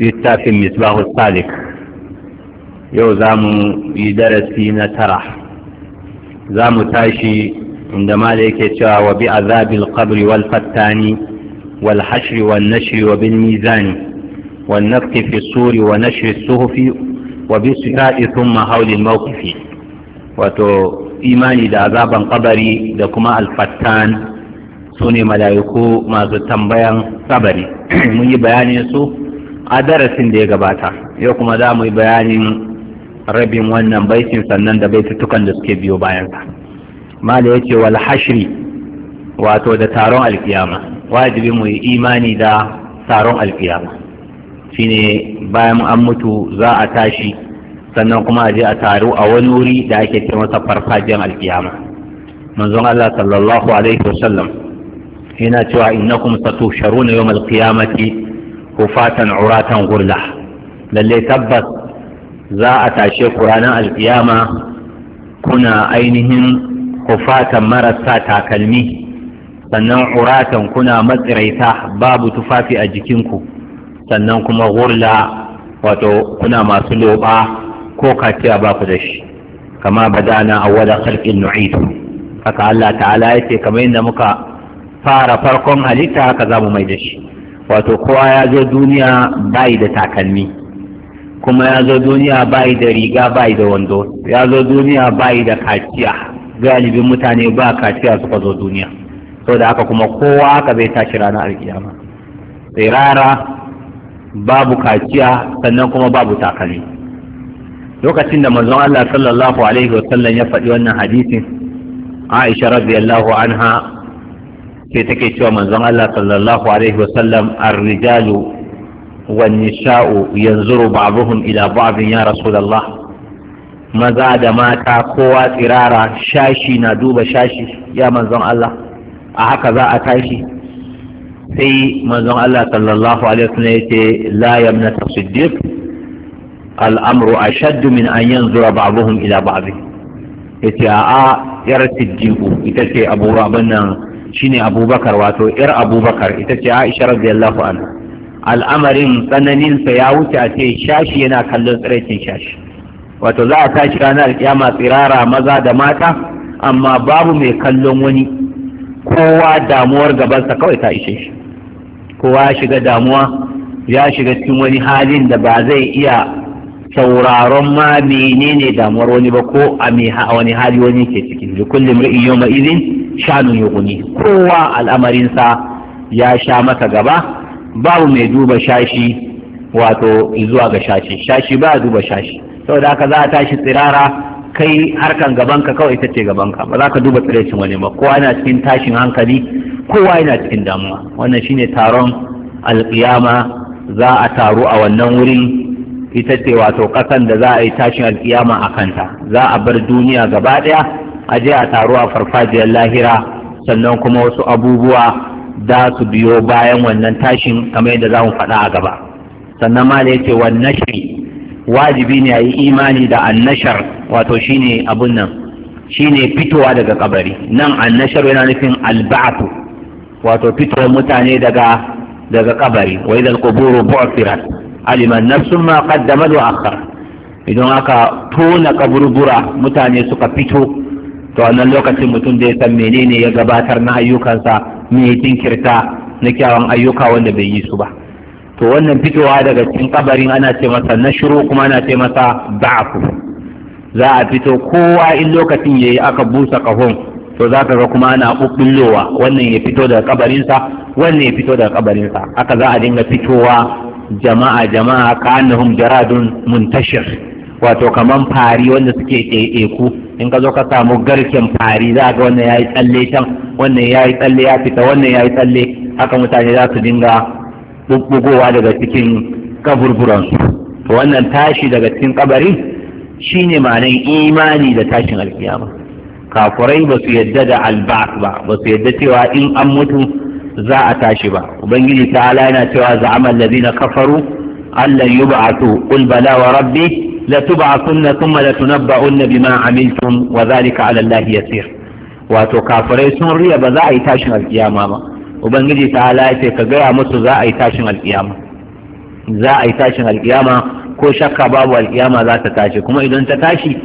littafin misbahu salik yau za mu yi darasi na tara za mu tashi inda mala yake cewa wa bi azabil qabri wal fattani wal hashri wal nashri wa bil mizani wal fi suri wa nashri suhufi wa bi sirati thumma hawli al mawqifi wato imani da azaban kabari da kuma alfattan su ne mala'iku masu tambayan kabari mun yi bayanin su a darasin da ya gabata yau kuma za mu yi bayanin rabin wannan baitin sannan da baitutukan da suke biyo bayansa mala yace wal hashri wato da taron alkiyama wajibi mu yi imani da taron alkiyama shine bayan an mutu za a tashi sannan kuma a je a taru a wani wuri da ake ce masa farfajiyar alkiyama manzon Allah sallallahu alaihi wasallam yana cewa innakum satusharuna yawmal qiyamati kufatan uratan gurla lalle tabbas za a tashe ku ranar alkiyama kuna ainihin kufatan marasa takalmi sannan uratan kuna matsiraita babu tufafi a jikinku sannan kuma gurla wato kuna masu loba ko kaciya ba ku da shi kama a awwala khalqin nu'idu haka Allah ta'ala ce kamar yadda muka fara farkon halitta haka zamu mai da shi wato kowa ya zo duniya bayi da takalmi kuma ya zo duniya bayi da riga bayi da wando ya zo duniya bayi da kaciya galibin mutane ba kaciya suka zo duniya so da haka kuma kowa ka bai tashi ranar alkiyama tsirara babu kaciya sannan kuma babu takalmi lokacin da manzon Allah sallallahu alaihi wasallam ya faɗi wannan hadisin Aisha radiyallahu anha sai take cewa manzon Allah sallallahu alaihi wasallam ar-rijalu wan nisa'u yanzuru ba'dhum ila ba'dhin ya rasulullah maza da mata kowa tsirara shashi na duba shashi ya manzon Allah a haka za a tashi sai manzon Allah sallallahu alaihi wasallam yace la yamna tasiddiq al'amru ashaddu min an yanzura ba'dhum ila ba'dhin yace a'a yar siddiqu ita ce abu abin nan shine abubakar wato yar abubakar ita ce aisha radiyallahu anha al'amarin tsananin sa ya wuce a ce shashi yana kallon tsiraicin shashi wato za a tashi ranar kiyama tsirara maza da mata amma babu mai kallon wani kowa damuwar gabansa kawai ta ishe shi kowa ya shiga damuwa ya shiga cikin wani halin da ba zai iya sauraron ma menene damuwar wani ba ko a wani hali wani ke ciki da kullum ri'in yau ma'izin shanun yuguni kowa al'amarinsa ya sha mata gaba babu mai duba shashi wato zuwa ga shashi shashi ba duba shashi saboda haka za a tashi tsirara kai harkan gabanka kawai ita ce gabanka ba za ka duba tsiraicin wani ba kowa yana cikin tashin hankali kowa yana cikin damuwa wannan shine taron alkiyama za a taru a wannan wurin ita ce wato kasan da za a yi tashin alkiyama a kanta za a bar duniya gaba ɗaya a je a taru a farfajiyar lahira sannan kuma wasu abubuwa za su biyo bayan wannan tashin kamar yadda za mu faɗa a gaba sannan ma da yake wannan shi wajibi ne a yi imani da annashar wato shine abun nan shine fitowa daga kabari nan annashar yana nufin alba'atu wato fitowar mutane daga daga kabari wa idal quburu bu'thirat aliman nafsun ma qaddamat wa akhar idan aka tona kaburbura mutane suka fito to wannan lokacin mutum da ya san menene ya gabatar na ayyukansa me ya jinkirta na kyawun ayyuka wanda bai yi su ba to wannan fitowa daga cikin kabarin ana ce masa na shiru kuma ana ce masa ba'afu za a fito kowa in lokacin yayi aka busa kahon to za ka ga kuma ana ɓuɓɓullowa wannan ya fito daga kabarinsa wannan ya fito daga kabarinsa haka za a dinga fitowa jama'a jama'a ka annahum jaradun muntashir wato kaman fari wanda suke ƙeƙeku in ka zo ka samu garken fari za ga wannan ya yi tsalle can wannan ya yi tsalle ya fita wannan ya yi tsalle haka mutane za su dinga bubbugowa daga cikin kaburburansu to wannan tashi daga cikin kabari shine ma'anar imani da tashin alkiyama kafurai ba su yadda da alba'at ba ba su yadda cewa in an mutu za a tashi ba ubangiji ala yana cewa za'amal ladina kafaru allan yub'atu qul bala wa rabbi la tub'athunna thumma la tunabba'unna bima amiltum wa dhalika wato kafirai sun riya ba za a yi tashin alkiyama ba ubangiji ta halaye ka gaya musu za a yi tashin alkiyama za a yi tashin alkiyama ko shakka babu alkiyama za ta tashi kuma idan ta tashi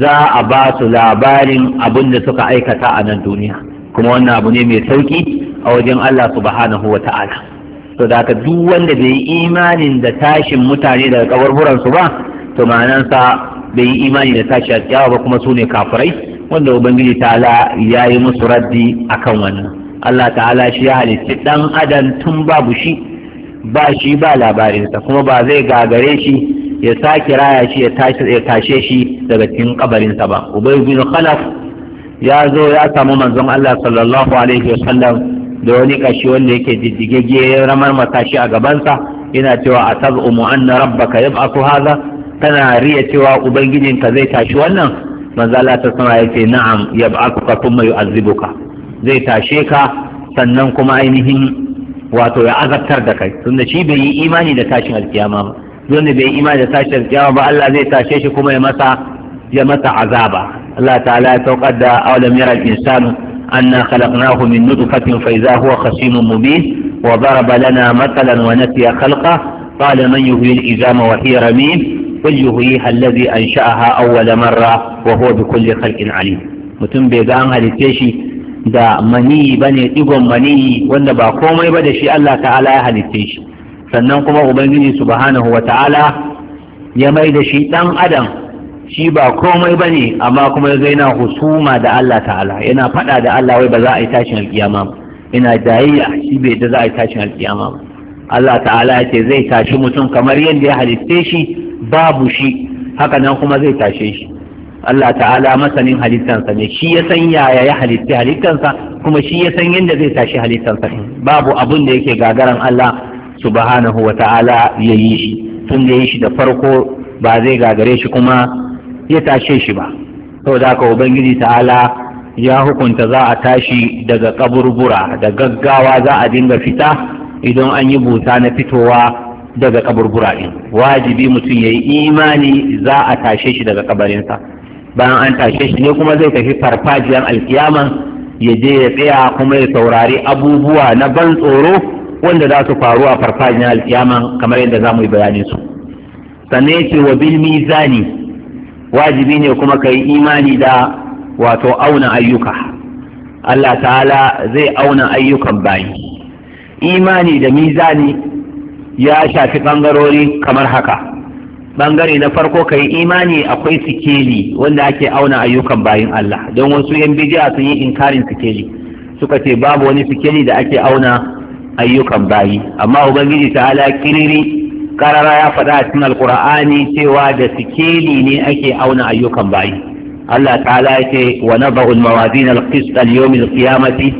za a ba su labarin abin da suka aikata a nan duniya kuma wannan abu ne mai sauki a wajen Allah subhanahu wa ta'ala to da ka duk wanda bai yi imanin da tashin mutane daga kaburburan ba to bai yi imani da tashi a tsiyawa ba kuma su ne kafirai wanda ubangiji ta'ala ya yi musu raddi akan wannan Allah ta'ala shi ya halitti dan adam tun babu shi ba shi ba labarinsa kuma ba zai gagare shi ya sake raya shi ya tashe shi daga cikin kabarinsa ba ubangiji bin khalaf ya zo ya samu manzon Allah sallallahu alaihi wasallam da wani kashi wanda yake diddigegge ramar matashi a gabansa yana cewa a tabu mu'anna rabbaka yab'athu hadha kana riya cewa ubangijinka zai tashi wannan manzo Allah ta sama yace na'am yab'akuka thumma yu'azzibuka zai tashe ka sannan kuma ainihin wato ya azabtar da kai tunda shi bai yi imani da tashin alkiyama ba wanda bai yi imani da tashin alkiyama ba Allah zai tashe shi kuma ya masa ya masa azaba Allah ta'ala ya saukar da awalam yara al-insanu anna khalaqnahu min nutfatin fa idza huwa khasimun mubin wa daraba lana matalan wa nasiya khalqa qala man yuhyi al-izama wa hiya ramim bal yuhyiha allazi ansha'aha awwala marra wa huwa bi kulli khalqin mutum bai ga an halitte shi da ba ne, digon maniyi. wanda ba komai ba da shi Allah ta'ala ya halitte shi sannan kuma ubangiji subhanahu wa ta'ala ya mai da shi dan adam shi ba komai ba ne amma kuma ya yana husuma da Allah ta'ala yana faɗa da Allah wai ba za a yi tashin alkiyama ba ina jayayya shi bai da za a yi tashin alkiyama ba Allah ta'ala ya ce zai tashi mutum kamar yadda ya halitte shi babu shi haka nan kuma zai tashe shi Allah ta'ala masanin halittansa ne shi ya san yaya ya halitta halittansa kuma shi ya san yadda zai tashi halittansa babu abin da yake gagaran Allah subhanahu wa ta'ala ya yi shi tun da ya yi shi da farko ba zai gagare shi kuma ya tashe shi ba da haka ubangiji ta'ala ya hukunta za a tashi daga kaburbura da gaggawa za a dinga fita idan an yi buta na fitowa daga kaburbura din wajibi mutum ya yi imani za a tashe shi daga kabarinsa bayan an tashe shi ne kuma zai tafi farfajiyar alkiyama ya je ya tsaya kuma ya saurari abubuwa na ban tsoro wanda za su faru a farfajiyar alkiyama kamar yadda za mu yi bayanin su sannan ya ce wa bil mizani wajibi ne kuma ka yi imani da wato auna ayyuka Allah ta'ala zai auna ayyukan bayi imani da mizani ya shafi ɓangarori kamar haka ɓangare na farko ka yi imani akwai sikeli wanda ake auna ayyukan bayin Allah don wasu yan bidiya sun yi inkarin sikeli suka ce babu wani sikeli da ake auna ayyukan bayi amma ubangiji ala kiriri karara ya faɗa a cikin alkur'ani cewa da sikeli ne ake auna ayyukan bayi Allah ta'ala ya ce wa nadha'u al-mawazin al-qist al-yawm al-qiyamati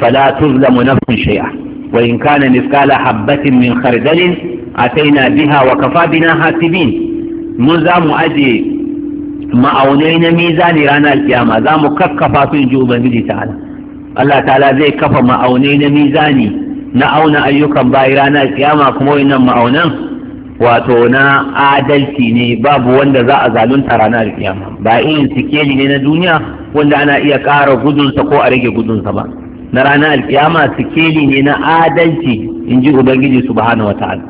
fala tuzlamu nafsun shay'a wa in kana miskala habbatin min khardalin ataina biha wa kafa bina hasibin mun za mu ma'aunai na mizani ranar kiyama zamu mu kakkafa su in ji ta'ala Allah ta'ala zai kafa ma'aunai na mizani na auna ayyukan bayi ranar kiyama kuma wannan ma'aunan wato na adalci ne babu wanda za a zalunta ranar kiyama ba irin sikeli ne na duniya wanda ana iya ƙara gudunsa ko a rage gudunsa ba na ranar alkiyama sikeli ne na adalci in ji ubangiji subhanahu wata'ala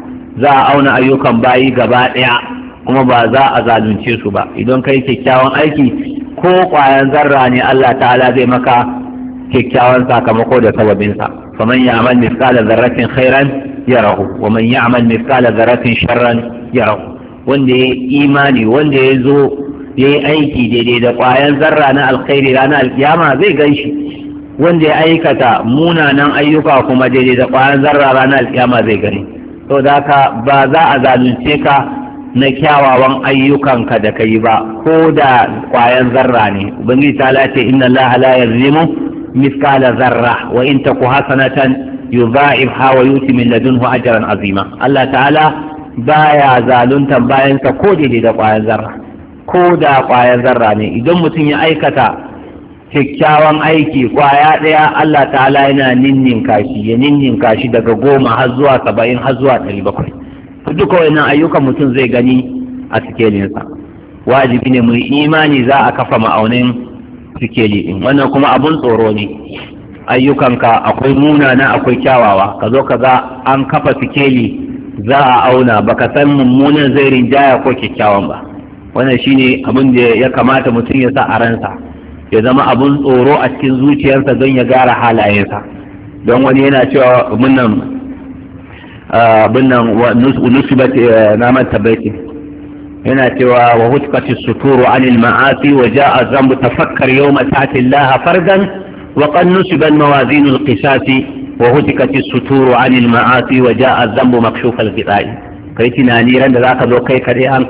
za a auna ayyukan bayi gaba ɗaya kuma ba za a zalunce su ba idan kai kyakkyawan aiki ko ƙwayan zarra ne Allah ta'ala zai maka kyakkyawan sakamako da sababinsa faman ya'mal mithqala dharratin khairan yarahu wa man ya'mal mithqala dharratin sharran rahu. wanda ya imani wanda ya zo ya yi aiki daidai da ƙwayan zarra na alkhairi ranar alkiyama zai gan shi wanda ya aikata munanan ayyuka kuma daidai da kwayan zarra ranar alƙiyama zai gani to da ka ba za a zalunce ka na kyawawan ayyukanka da ka yi ba ko da kwayan zarra ne ubangiji ta lace inna allaha la yazlimu mithqala zarra wa in taku hasanatan yudha'ibha wa yuti min ladunhu ajran azima Allah ta'ala baya zaluntan bayansa ko daidai da kwayan zarra ko da kwayan zarra ne idan mutum ya aikata kyakkyawan aiki kwaya ɗaya Allah ta'ala yana ninnin kashi ya ninnin kashi daga goma har zuwa saba'in har zuwa ɗari bakwai duka wannan ayyukan mutum zai gani a sikelinsa wajibi ne mun imani za a kafa ma'aunin sikeli ɗin wannan kuma abun tsoro ne ayyukanka akwai munana akwai kyawawa ka zo ka ga an kafa sikeli za a auna baka san mummunan zai rinjaya ko kyakkyawan ba wannan shine abin da ya kamata mutum ya sa a ransa ya zama abun tsoro a cikin zuciyarsa don ya gara halayensa don wani yana cewa munnan binnan nusibat eh, naman tabbaki yana cewa wa hutqati suturu anil ma'asi wa ja'a zambu tafakkar yau ta'ati laha fardan wa kan qad ban mawazinul kisafi wa hutqati suturu anil ma'asi wa ja'a zambu makshufal qita'i kai tunani ran da zaka zo kai kare an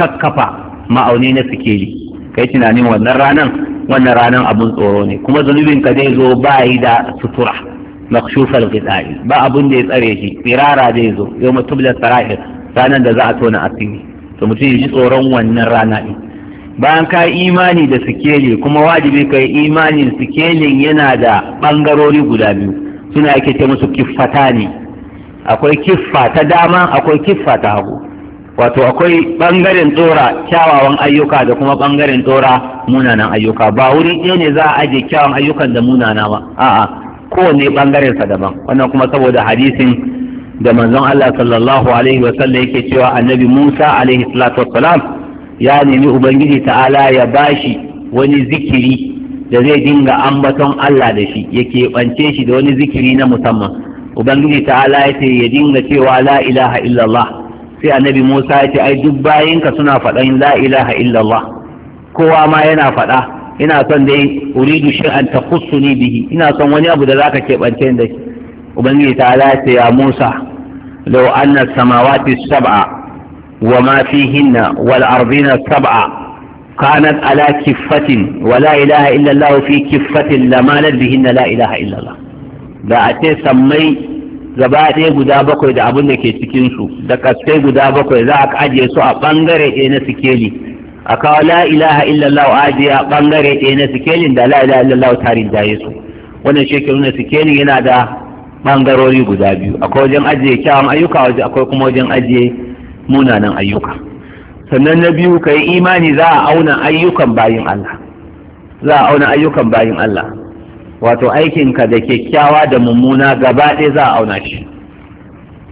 kakkafa ma'auni na sikeli kai tunani wannan ranan wannan ranar abun tsoro ne kuma zunubin ka zai zo ba yi da sutura shufar fitsari ba abun da ya tsare shi tsirara zai zo yau da sara'ir ranar da za a tona asiri to mutum ya ji tsoron wannan rana ɗin bayan ka yi imani da sikeli kuma wajibi ka yi imani sikelin yana da ɓangarori guda biyu suna yake ce musu kiffata ne, akwai kiffa ta dama akwai kiffa ta hagu wato akwai bangaren tsora kyawawan ayyuka da kuma bangaren tsora munanan ayyuka ba wuri ɗaya ne za a ajiye kyawawan ayyukan da munana ba a'a kowane bangaren sa daban wannan kuma saboda hadisin da manzon Allah sallallahu alaihi wa sallam yake cewa annabi Musa alaihi salatu wassalam ya nemi ubangiji ta'ala ya bashi wani zikiri da zai dinga ambaton Allah da shi yake bance shi da wani zikiri na musamman ubangiji ta'ala ya ce ya dinga cewa la ilaha illallah sai annabi Musa ya ce ai duk bayinka suna faɗan la ilaha illallah kowa ma yana faɗa ina son dai uridu shay'an ni bihi ina son wani abu da zaka keɓance da shi ubangiji ta ala ce ya Musa law anna samawati sab'a wa ma fihinna wal ardina sab'a كانت على كفة ولا إله إلا الله في كفة لمالت بهن لا إله إلا الله da a ce sammai gaba ɗaya guda bakwai da abin da ke cikinsu da kaskai guda bakwai za a ajiye su a ɓangare ɗaya na sikeli a kawo la illallah a ajiye a ɓangare ɗaya na sikelin da la ilaha illallah ta rinjaye su wannan shekaru na sikelin yana da ɓangarori guda biyu akwai wajen ajiye kyawun ayyuka akwai kuma wajen ajiye munanan ayyuka sannan na biyu ka yi imani za a auna ayyukan bayin Allah za a auna ayyukan bayin Allah wato aikinka da kyakkyawa da mummuna gaba ɗaya za a auna shi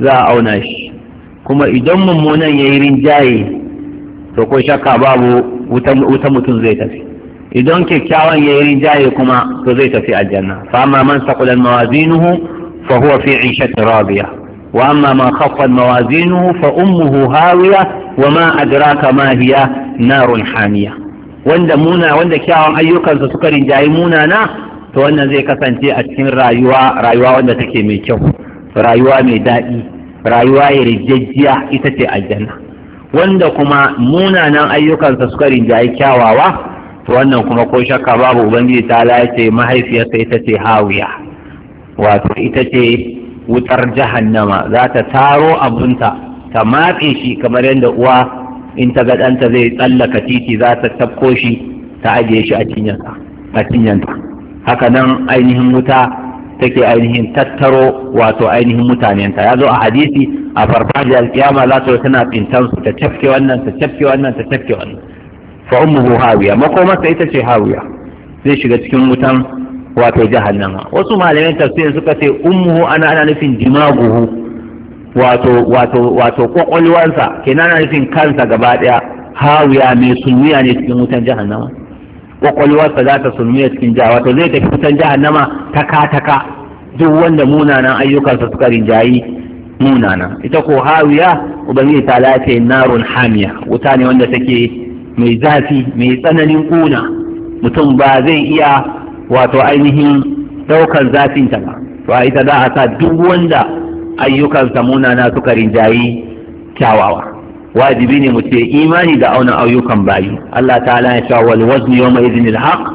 za a auna shi kuma idan mummunan ya yi rinjaye to ko shakka babu wuta mutum zai tafi idan kyakkyawan ya yi rinjaye kuma to zai tafi aljanna fa amma man saqulan mawazinuhu fa huwa fi 'ishatin radiya wa amma man khaffat mawazinuhu fa ummuhu hawiya wa ma adraka ma hiya narun hamiya wanda muna wanda kyawun ayyukansa suka rinjayi munana to wannan zai kasance a cikin rayuwa rayuwa wanda take mai kyau rayuwa mai daɗi rayuwa yarjejjiya ita ce aljanna wanda kuma munanan ayyukansa suka rinjaye kyawawa to wannan kuma ko shakka babu ubangiji ta ce mahaifiyarsa ita ce hawiya wato ita ce wutar jahannama za ta taro abunta ta matse shi kamar yadda uwa in ta ga ɗanta zai tsallaka titi za ta tafko shi ta ajiye shi a cinyanta haka nan ainihin wuta take ainihin tattaro wato ainihin mutanenta ya zo a hadisi a farfajiyar alkiyama za ta tana tsintan su ta cafke wannan ta cafke wannan ta cafke wannan fa ummuhu hawiya makomarsa ita ce hawiya zai shiga cikin wutan wato jahannama wasu malamai tafsir suka ce ummuhu ana ana nufin dimaguhu wato wato wato kokolwansa kenan ana nufin kansa gaba daya hawiya mai sunniya ne cikin wutan jahannama kwakwalwarsa za ta a cikin jiha wato zai tafi kusan jahannama ta takataka, duk wanda munanan ayyukansa suka rinjayi munana ita ko hawiya ubangiji ta lafe narun hamiya wuta ne wanda take mai zafi mai tsananin kuna mutum ba zai iya wato ainihin daukar zafinta ba to ita za a sa duk wanda ayyukansa munana suka rinjayi kyawawa wajibi ne mu ce imani da auna ayyukan bayi Allah ta'ala ya cewa wal wazn yawma idhin al haqq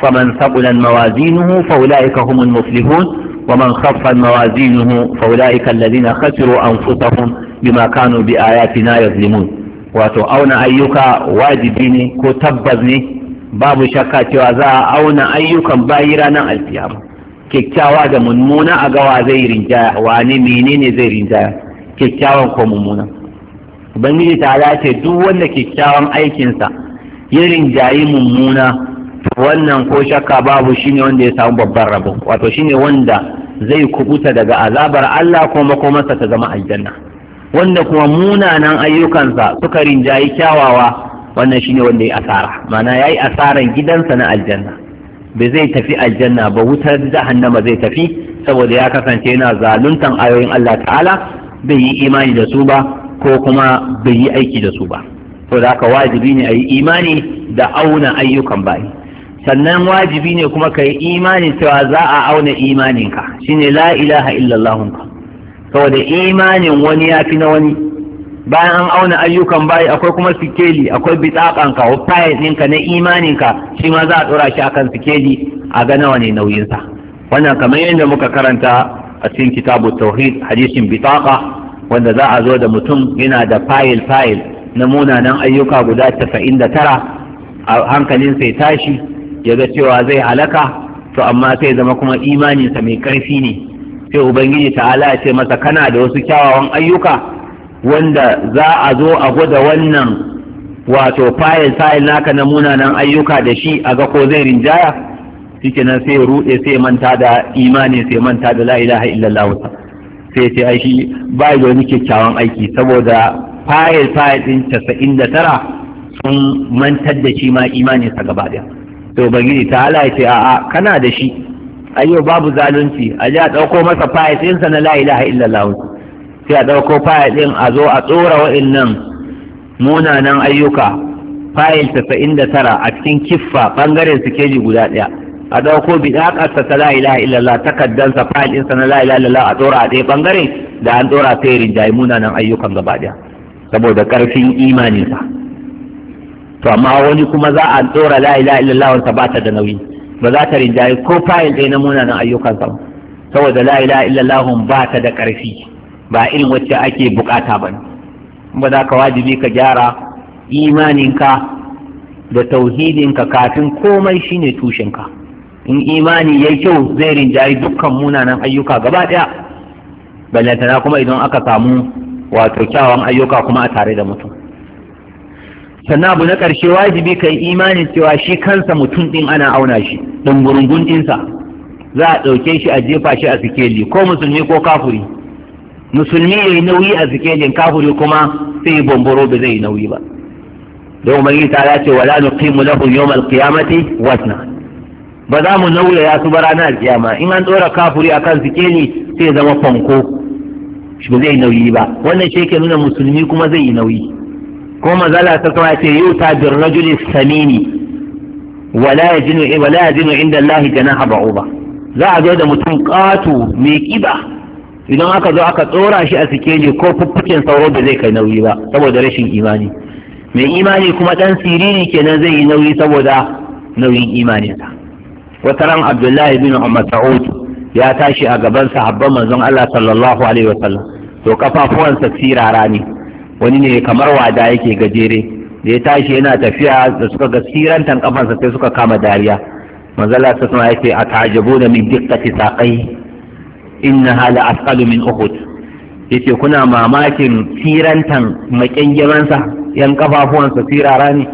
faman thaqulan mawazinuhu fa ulaika humul muflihun ومن خف موازينه فأولئك الذين خسروا أنفسهم بما كانوا بآياتنا يظلمون wato auna ayyuka wajibi ne ko tabbas ne babu shakka cewa za a auna ayyukan bayi ranar alkiyama kyakkyawa da mummuna a gawa zai rinjaya wani menene zai rinjaya kyakkyawan ko mummuna ubangiji ta ce duk wanda kyakkyawan aikinsa ya rinjayi mummuna wannan ko shakka babu shine wanda ya samu babban rabo wato shine wanda zai kubuta daga azabar Allah ko makomarsa ta zama aljanna wanda kuma munanan ayyukansa suka rinjayi kyawawa wannan shine wanda ya asara mana yayi asaran gidansa na aljanna bai zai tafi aljanna ba wutar jahannama zai tafi saboda ya kasance yana zaluntan ayoyin Allah ta'ala bai yi imani da su ba ko kuma bai yi aiki da su ba to da ka wajibi ne a yi imani da auna ayyukan bayi sannan wajibi ne kuma ka yi imani cewa za a auna imaninka shine la ilaha illallahunka saboda imanin wani ya fi na wani bayan an auna ayyukan bayi akwai kuma sikeli akwai bitsakanka wafayet ɗinka na imaninka shi ma za a tsora shi akan sikeli a ga nawa ne nauyinsa wannan kamar yadda muka karanta a cikin kitabu tauhid hadisin bitaka wanda za a zo da mutum yana da fayil fayil na munanan ayyuka guda casa'in da tara a hankalin sai tashi ya ga cewa zai halaka to amma sai zama kuma imaninsa mai karfi ne sai ubangiji ta'ala ya ce masa kana da wasu kyawawan ayyuka wanda za a zo a gwada wannan wato fayil fayil naka na munanan ayyuka da shi a ga ko zai rinjaya cikina sai ya ruɗe sai manta da imani sai manta da la ilaha illallah sai ce ai shi ba da wani kyakkyawan aiki saboda fayil fayil ɗin casa'in da tara sun mantar da shi ma sa gaba ɗaya to bagiri ta ala ya ce a'a kana da shi ayyau babu zalunci a ji a ɗauko masa fayil ɗinsa na la ilaha illallah sai a ɗauko fayil ɗin a zo a tsora waɗannan munanan ayyuka fayil casa'in da tara a cikin kiffa ɓangaren su keji guda ɗaya a dauko bidakarsa ta la ilaha illallah takaddansa fayil insa na la ilaha illallah a dora a ɗaya bangare da an dora sai rinjaye munanan ayyukan gaba ɗaya saboda ƙarfin imaninsa to amma wani kuma za a dora la ilaha illallah wanda ba ta da nauyi ba za ta rinjaye ko fayil ɗaya na munanan ayyukansa ba saboda la ilaha illallah ba ta da ƙarfi ba irin wacce ake bukata ba ne? ba za ka wajibi ka gyara imaninka da tauhidinka kafin komai shine tushenka in imani ya yi kyau zai rinjayi dukkan munanan ayyuka gaba ɗaya ballantana kuma idan aka samu wato kyawawan ayyuka kuma a tare da mutum sannan abu na ƙarshe wajibi ka yi imani cewa shi kansa mutum ɗin ana auna shi ɗungurungun ɗinsa za a ɗauke shi a jefa shi a sikeli ko musulmi ko kafuri musulmi ya yi nauyi a sikelin kafuri kuma sai bomboro ba zai yi nauyi ba don ubangiji ta ce wala nuqimu lahu yawmal qiyamati wasna ba za mu ya su ba ranar kiyama in an tsora kafuri akan sikeli sai zama fanko shi ba zai nauyi ba wannan shi yake nuna musulmi kuma zai yi nauyi ko mazala ta kawai ce yau ta bir rajuli samini wala ya wala inda Allah janaha ba'uba za a zo da mutum katu mai kiba idan aka zo aka tsora shi a sikeli ko fuffuken sauro ba zai kai nauyi ba saboda rashin imani mai imani kuma dan siriri kenan zai yi nauyi saboda nauyin imaninsa wata ran abdullahi bin mas'ud ya tashi a gaban sahabban manzon Allah sallallahu alaihi wasallam to kafafuwansa sirara ne wani ne kamar wada yake gajere da ya tashi yana tafiya da suka ga sirantan kafansa sai suka kama dariya manzon Allah sallallahu alaihi wasallam yake da min diqqati saqai innaha la asqalu min uhud yace kuna mamakin sirantan makyangiransa yan kafafuwansa sirara ne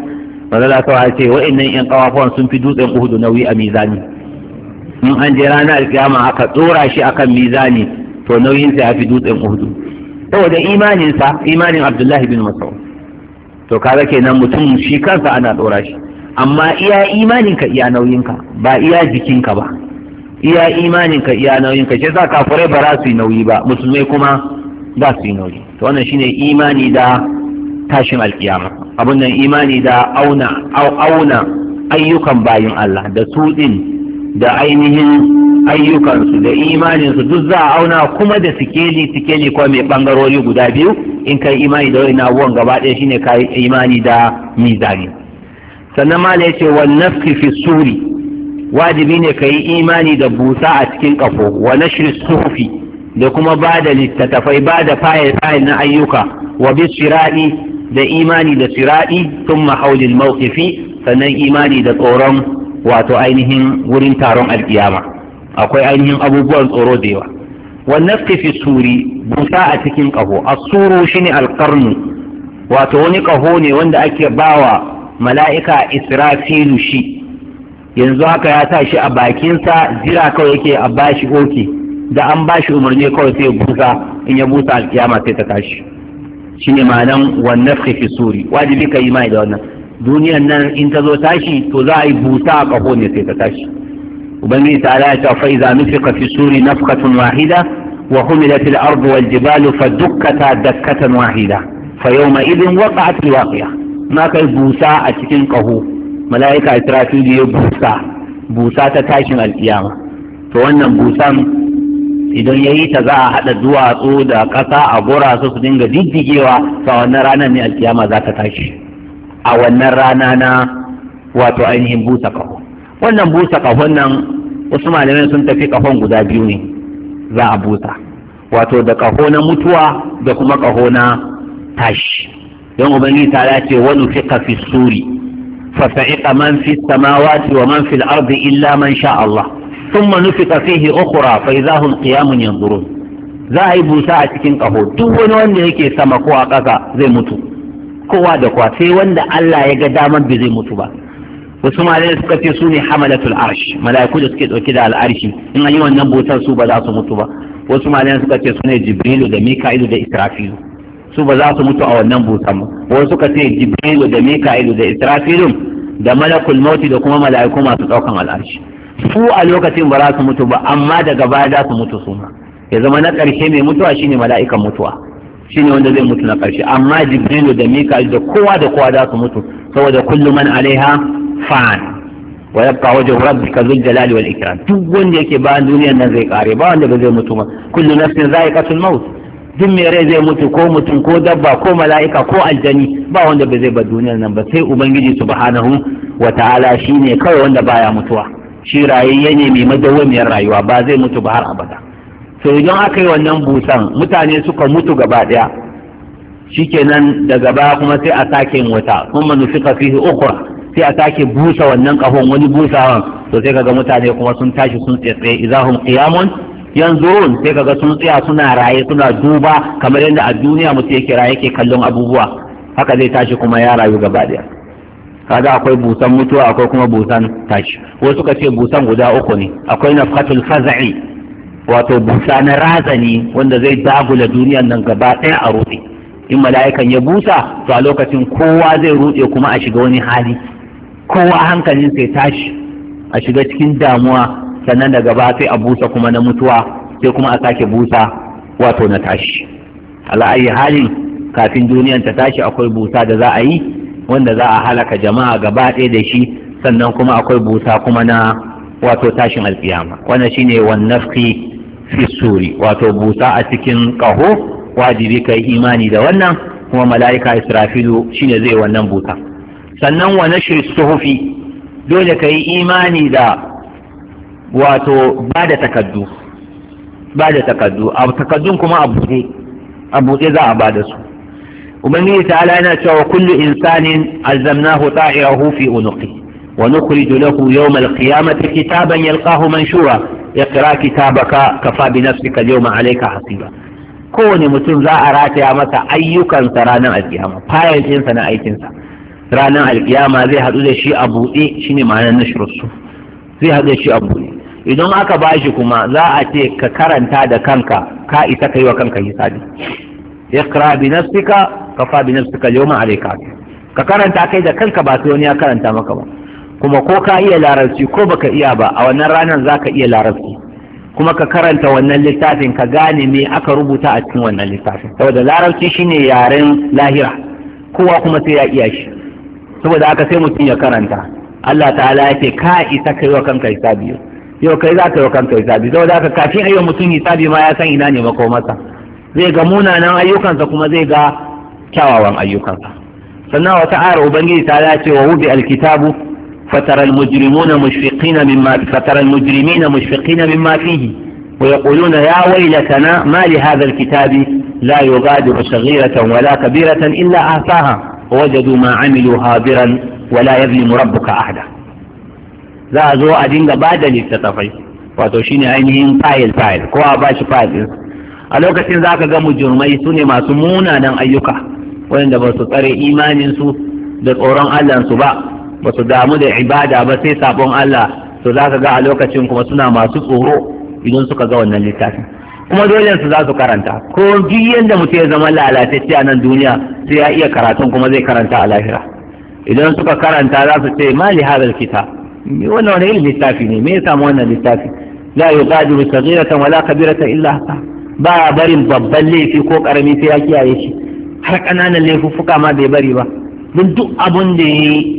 wanda za ta ce wa'annan yan ƙawafuwan sun fi dutsen uhudu nauyi a mizani in an je ranar alkiyama aka tsora shi akan mizani to nauyin sa ya fi dutsen uhudu saboda imanin sa imanin abdullahi bin masau to kaga kenan mutum shi kansa ana tsora shi amma iya imaninka iya nauyin ka ba iya jikinka ba iya imaninka iya ka. shi za kafirai ba za su yi nauyi ba musulmai kuma za su yi nauyi to wannan shine imani da tashin alkiyama abun nan imani da auna auna ayyukan bayin Allah da su da ainihin ayyukansu da imaninsu duk za a auna kuma da sikeli sikeli ko mai bangarori guda biyu in kai imani da wani abubuwan gaba ɗaya shine kai imani da mizani sannan mala yace wal nafsi fi suri wajibi ne ka imani da busa a cikin kafo wa nashri sufi da kuma ba da littattafai ba da fayil fayil na ayyuka wa bi da imani da sira'i tun mahaulin mawqifi sannan imani da tsoron wato ainihin wurin taron alkiyama akwai ainihin abubuwan tsoro da yawa wannan fi suri busa a cikin kaho asuru shine alkarnu wato wani kaho ne wanda ake bawa mala'ika israfilu shi yanzu haka ya sa shi a bakinsa jira kawai yake a bashi oke da an ba shi umarni kawai sai busa in ya busa alkiyama sai ta tashi shine ma'anan wannan fi suri wajibi ka yi mai da wannan duniyan nan in ta zo tashi to za a yi busa a kaho ne sai ta tashi ubangiji ta ala ce fa iza nufika fi suri nafkatun wahida wa humilat al ardu wal jibalu fa dukkata dakkatan wahida fa yawma idin waqa'at al waqi'a ma kai busa a cikin kaho mala'ika israfil ya busa busa ta tashin alkiyama to wannan busan idan ya yi ta za a haɗa duwatsu da ƙasa a gora su su dinga diddigewa a wannan ranar ne alkiyama za ta tashi a wannan rana na wato ainihin busa kaho wannan busa kahon nan wasu malamai sun tafi kahon guda biyu ne za a busa wato da kaho na mutuwa da kuma kaho na tashi don ubangiji ta ce wani fika fi suri fasa'iqa man fi samawati wa man fil ardi illa man sha Allah thumma nufika fihi ukhra fa idahum qiyamun yanzurun za a yi busa a cikin kaho duk wani wanda yake sama ko a ƙasa zai mutu kowa da kowa sai wanda Allah ya ga damar bai zai mutu ba wasu malamai suka ce su ne hamalatul arsh mala'iku da suke dauke da al'arshi in an yi wannan busan su ba za su mutu ba wasu malamai suka ce su ne jibrilu da mika'ilu da israfilu su ba za su mutu a wannan busan ba wasu suka ce jibrilu da mika'ilu da israfilu da malakul mauti da kuma mala'iku masu ɗaukan al'arshi su a lokacin ba za su mutu ba amma daga baya za su mutu suna. ya zama na ƙarshe mai mutuwa shine mala'ikan mutuwa shine wanda zai mutu na ƙarshe amma jibrilu da mika'il da kowa da kowa za su mutu saboda kullum man alaiha fan wa yabqa wajhu rabbika dhul jalali wal ikram duk wanda yake ba duniyar nan zai kare ba wanda ba zai mutu ba kullu nafsin za'iqatul maut duk mai rai zai mutu ko mutum ko dabba ko mala'ika ko aljani ba wanda ba zai bar duniyar nan ba sai ubangiji subhanahu wa ta'ala shine kawai wanda baya mutuwa shi rayayye ne mai madawwamiyar rayuwa ba zai mutu ba har abada sai idan aka yi wannan busan mutane suka mutu gaba daya shikenan da gaba kuma sai a sake wata kuma nufi fihi uku sai a sake busa wannan kahon wani busawan to sai kaga mutane kuma sun tashi sun tsaye idahum qiyamun yanzu sai kaga sun tsaya suna raye suna duba kamar yadda a duniya mutum yake raye yake kallon abubuwa haka zai tashi kuma ya rayu gaba daya kaga akwai busan mutuwa akwai kuma busan tashi wasu suka ce busan guda uku ne akwai na fatul faza'i wato busa na razani wanda zai dagula duniyan nan gaba ɗaya a rufe in mala'ikan ya busa to a lokacin kowa zai ruɗe kuma a shiga wani hali kowa hankalin sai tashi a shiga cikin damuwa sannan da gaba sai a busa kuma na mutuwa sai kuma a sake busa wato na tashi ala'ayi hali kafin duniyan ta tashi akwai busa da za a yi wanda za a halaka jama'a gaba ɗaya da shi sannan kuma akwai busa kuma na wato tashin alƙiyama wannan shine wan nafqi fi suri wato busa a cikin kaho wajibi kai imani da wannan kuma mala'ika israfilu shine zai wannan busa sannan wa nashri suhufi dole kai imani da wato ba da takaddu ba da takaddu a takaddun kuma a buɗe a buɗe za a ba da su ubangiji ta'ala yana cewa kullu insanin alzamnahu ta'irahu fi unuqi wa nukhriju lahu yawm alqiyamati kitaban yalqahu manshura iqra kitabaka kafa bi nafsika al alayka hasiba kowane mutum za a rataya masa ayyukansa ranar alkiyama fayil ɗinsa na aikinsa ranar alkiyama zai haɗu da shi a buɗe shine ma'anar nashrus zai haɗu da shi a buɗe idan aka bashi kuma za a ce ka karanta da kanka ka isa kai wa kanka hisabi iqra bi kafa bi nafsika yawma alayka ka karanta kai da kanka ba sai wani ya karanta maka ba kuma ko ka iya larabci ko baka iya ba a wannan ranar zaka iya larabci kuma ka karanta wannan littafin ka gane me aka rubuta a cikin wannan littafin saboda larabci shine yaren lahira kowa kuma sai ya iya shi saboda haka sai mutum ya karanta Allah ta'ala ya ce ka isa kai wa kanka hisabi yau kai za ka yi wa kanka hisabi saboda haka kafin ayyukan mutum hisabi ma ya san ina ne makomarsa zai ga munanan ayyukansa kuma zai ga kyawawan ayyukansa sannan wata ayar ubangiji ta dace wa wudi alkitabu فترى المجرمون مشفقين مما فترى المجرمين مشفقين مما فيه ويقولون يا ويلتنا ما لهذا الكتاب لا يغادر صغيرة ولا كبيرة إلا أعطاها ووجدوا ما عملوا هابرا ولا يظلم ربك أحدا za a zo a dinga ba da littattafai wato shine ainihin fayil fayil ko a bashi fayil a lokacin za ka ga mujurmai su ne masu munanan ayyuka wanda ba su tsare imaninsu da tsoron allahnsu ba ba su damu da ibada ba sai sabon allah to za ka ga a lokacin kuma suna masu tsoro idan suka ga wannan littafin kuma dole su za su karanta ko duk yadda mutum ya zama lalatacce a nan duniya sai ya iya karatun kuma zai karanta a lahira idan suka karanta za su ce ma li hadal kitab wannan wani irin littafi ne me ya samu wannan littafi la yuqadiru saghiratan wala kabiratan illa ba barin babban laifi ko karami sai ya kiyaye shi har ƙananan laifuffuka ma bai bari ba don duk abun da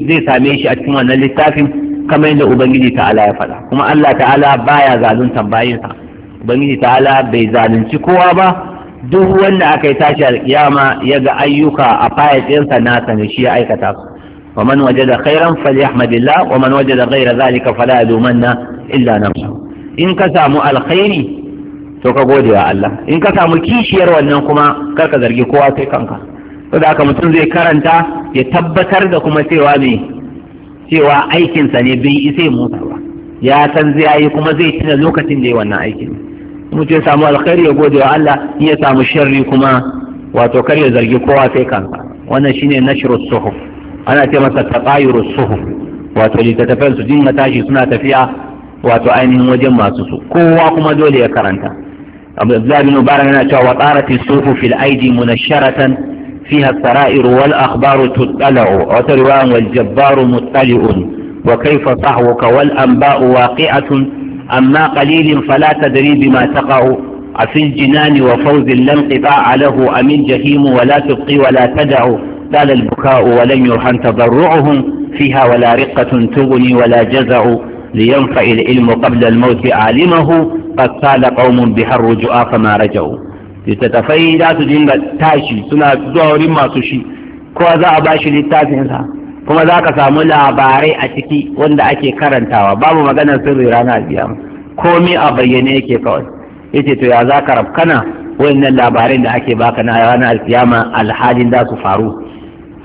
zai same shi a cikin wannan littafin kamar yadda ubangiji ta'ala ya faɗa kuma Allah ta'ala baya zaluntan bayinsa ubangiji ta'ala bai zalunci kowa ba duk wanda aka yi tashi alƙiyama ya ga ayyuka a fayatinsa na sanin shi ya aikata su ومن وجد خيرا فليحمد الله ومن وجد غير ذلك فلا يلومن إلا نفسه إن كساموا الخير to ka gode wa Allah in ka samu kishiyar wannan kuma kar ka zargi kowa sai kanka da haka mutum zai karanta ya tabbatar da kuma cewa ne cewa aikinsa ne bai isa motsa ba ya san zai yi kuma zai tuna lokacin da ya wannan aikin mutum ya samu alkhairi ya gode wa Allah in ya samu sharri kuma wato kar ya zargi kowa sai kanka wannan shine nashrus suhuf ana ce masa taqayuru suhuf wato littattafan su dinga tashi suna tafiya wato ainihin wajen masu su kowa kuma dole ya karanta عبدالله بن مبارك أنا وطارت السوف في الأيدي منشرة فيها السرائر والأخبار تطلع وتروان والجبار مطلع وكيف صحوك والأنباء واقعة أما قليل فلا تدري بما تقع أفي الجنان وفوز لا انقطاع له أم الجحيم ولا تبقي ولا تدع قال البكاء ولم يرحم تضرعهم فيها ولا رقة تغني ولا جزع لينفع العلم قبل الموت عالمه قد سال قوم بها الرجوع فما رجعوا littattafai za su dinga tashi suna zuwa wurin masu shi kowa za a bashi littafinsa kuma za ka samu labarai a ciki wanda ake karantawa babu maganar sirri rana biyar komi a bayyane yake kawai yace to ya za ka rafkana wayannan labarin da ake baka na ranar alkiyama alhalin za su faru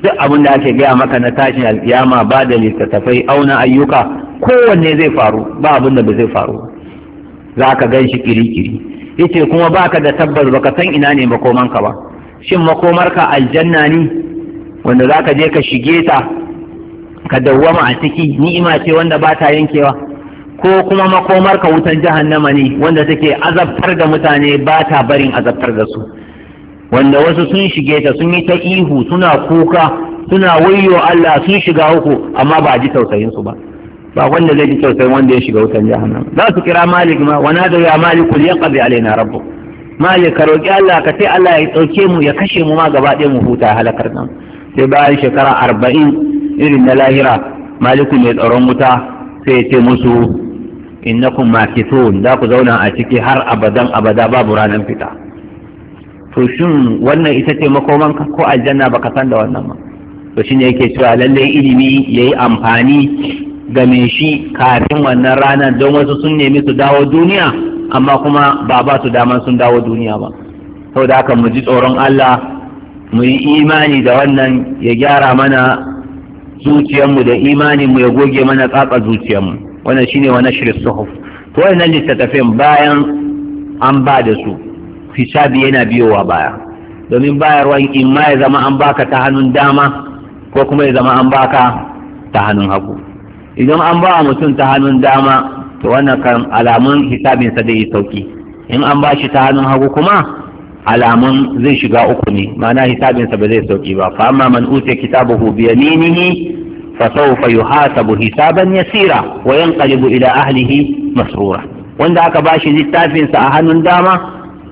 duk abin ake gaya maka na tashin alkiyama ba da littattafai auna ayyuka kowanne zai faru ba abin da zai faru za ka gan shi kiri-kiri yace kuma baka da tabbas baka san ina ne makomanka ba shin makomarka aljanna ne wanda za ka je ka shige ta ka dawwama a ciki ni'ima ce wanda ba ta yankewa ko kuma makomarka wutan jahannama ne wanda take azabtar da mutane ba ta barin azabtar da su wanda wasu sun shige ta sun yi ta ihu suna kuka suna wayo Allah sun shiga uku amma ba a ji tausayin su ba ba wanda zai ji tausayin wanda ya shiga wutan jahannama. za su kira malik ma wa nadu ya maliku liyaqdi alaina rabbuk malik ka roki Allah ka sai Allah ya dauke mu ya kashe mu ma gaba ɗaya mu huta halakar nan sai bayan shekara arba'in irin na lahira maliku mai tsaron wuta sai ya ce musu innakum makithun za ku zauna a ciki har abadan abada babu ranar fita to shin wannan ita ce ka ko aljanna baka san da wannan ba to shine yake cewa lallai ilimi yayi amfani game shi kafin wannan ranar don wasu sun nemi su dawo duniya amma kuma ba ba su daman sun dawo duniya ba saboda haka mu ji tsoron Allah mu yi imani da wannan ya gyara mana zuciyarmu da mu ya goge mana tsaka zuciyarmu wannan shine wani shirin suhuf to wannan littattafin bayan an ba da su hisabi yana biyowa baya domin bayarwan in ma ya zama an baka ta hannun dama ko kuma ya zama an baka ta hannun hagu idan an ba mutum ta hannun dama to wannan kan alamun hisabinsa zai yi sauki in an ba shi ta hannun hagu kuma alamun zai shiga uku ne ma'ana hisabinsa ba zai sauki ba fa amma man utiya kitabahu bi yaminihi fa sawfa yuhasabu hisaban yasira wa yanqalibu ila ahlihi masrura wanda aka bashi littafinsa a hannun dama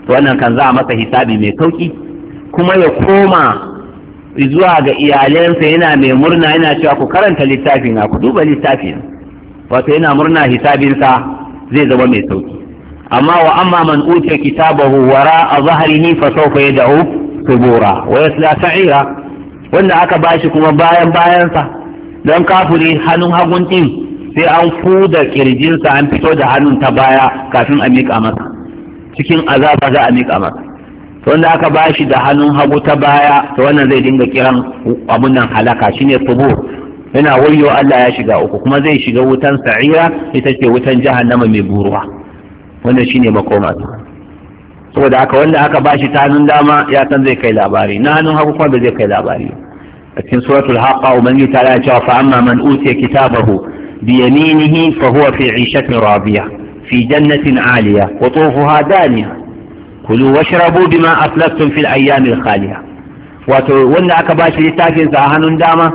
to wannan kan za a masa hisabi mai sauki kuma ya koma zuwa ga iyalansa yana mai murna yana cewa ku karanta littafin na ku duba littafin wato yana murna hisabinsa zai zama mai sauki amma wa amma man uce kitabahu wara a zaharihi fa sawfa yad'u subura wa yasla sa'ira wanda aka bashi kuma bayan bayansa don kafuri hannun hagun din sai an fuda ƙirjinsa an fito da hannun ta baya kafin a miƙa masa cikin azaba za a miƙa masa to wanda aka bashi da hannun hagu ta baya to wannan zai dinga kiran abun nan halaka shine kubur yana wayo Allah ya shiga uku kuma zai shiga wutan sa'ira ita ce wutan jahannama mai buruwa wannan shine makoma saboda aka wanda aka bashi ta hannun dama ya san zai kai labari na hannun hagu kuma ba zai kai labari a cikin suratul haqa ubangiji ta ya cewa fa amma man utiya kitabahu bi yaminihi fa huwa fi 'ishatin radiya fi jannatin 'aliya wa tufuha daniya kulu washrabu bima aslaftum fil ayyamil khaliya wato wanda aka bashi littafin sa a hannun dama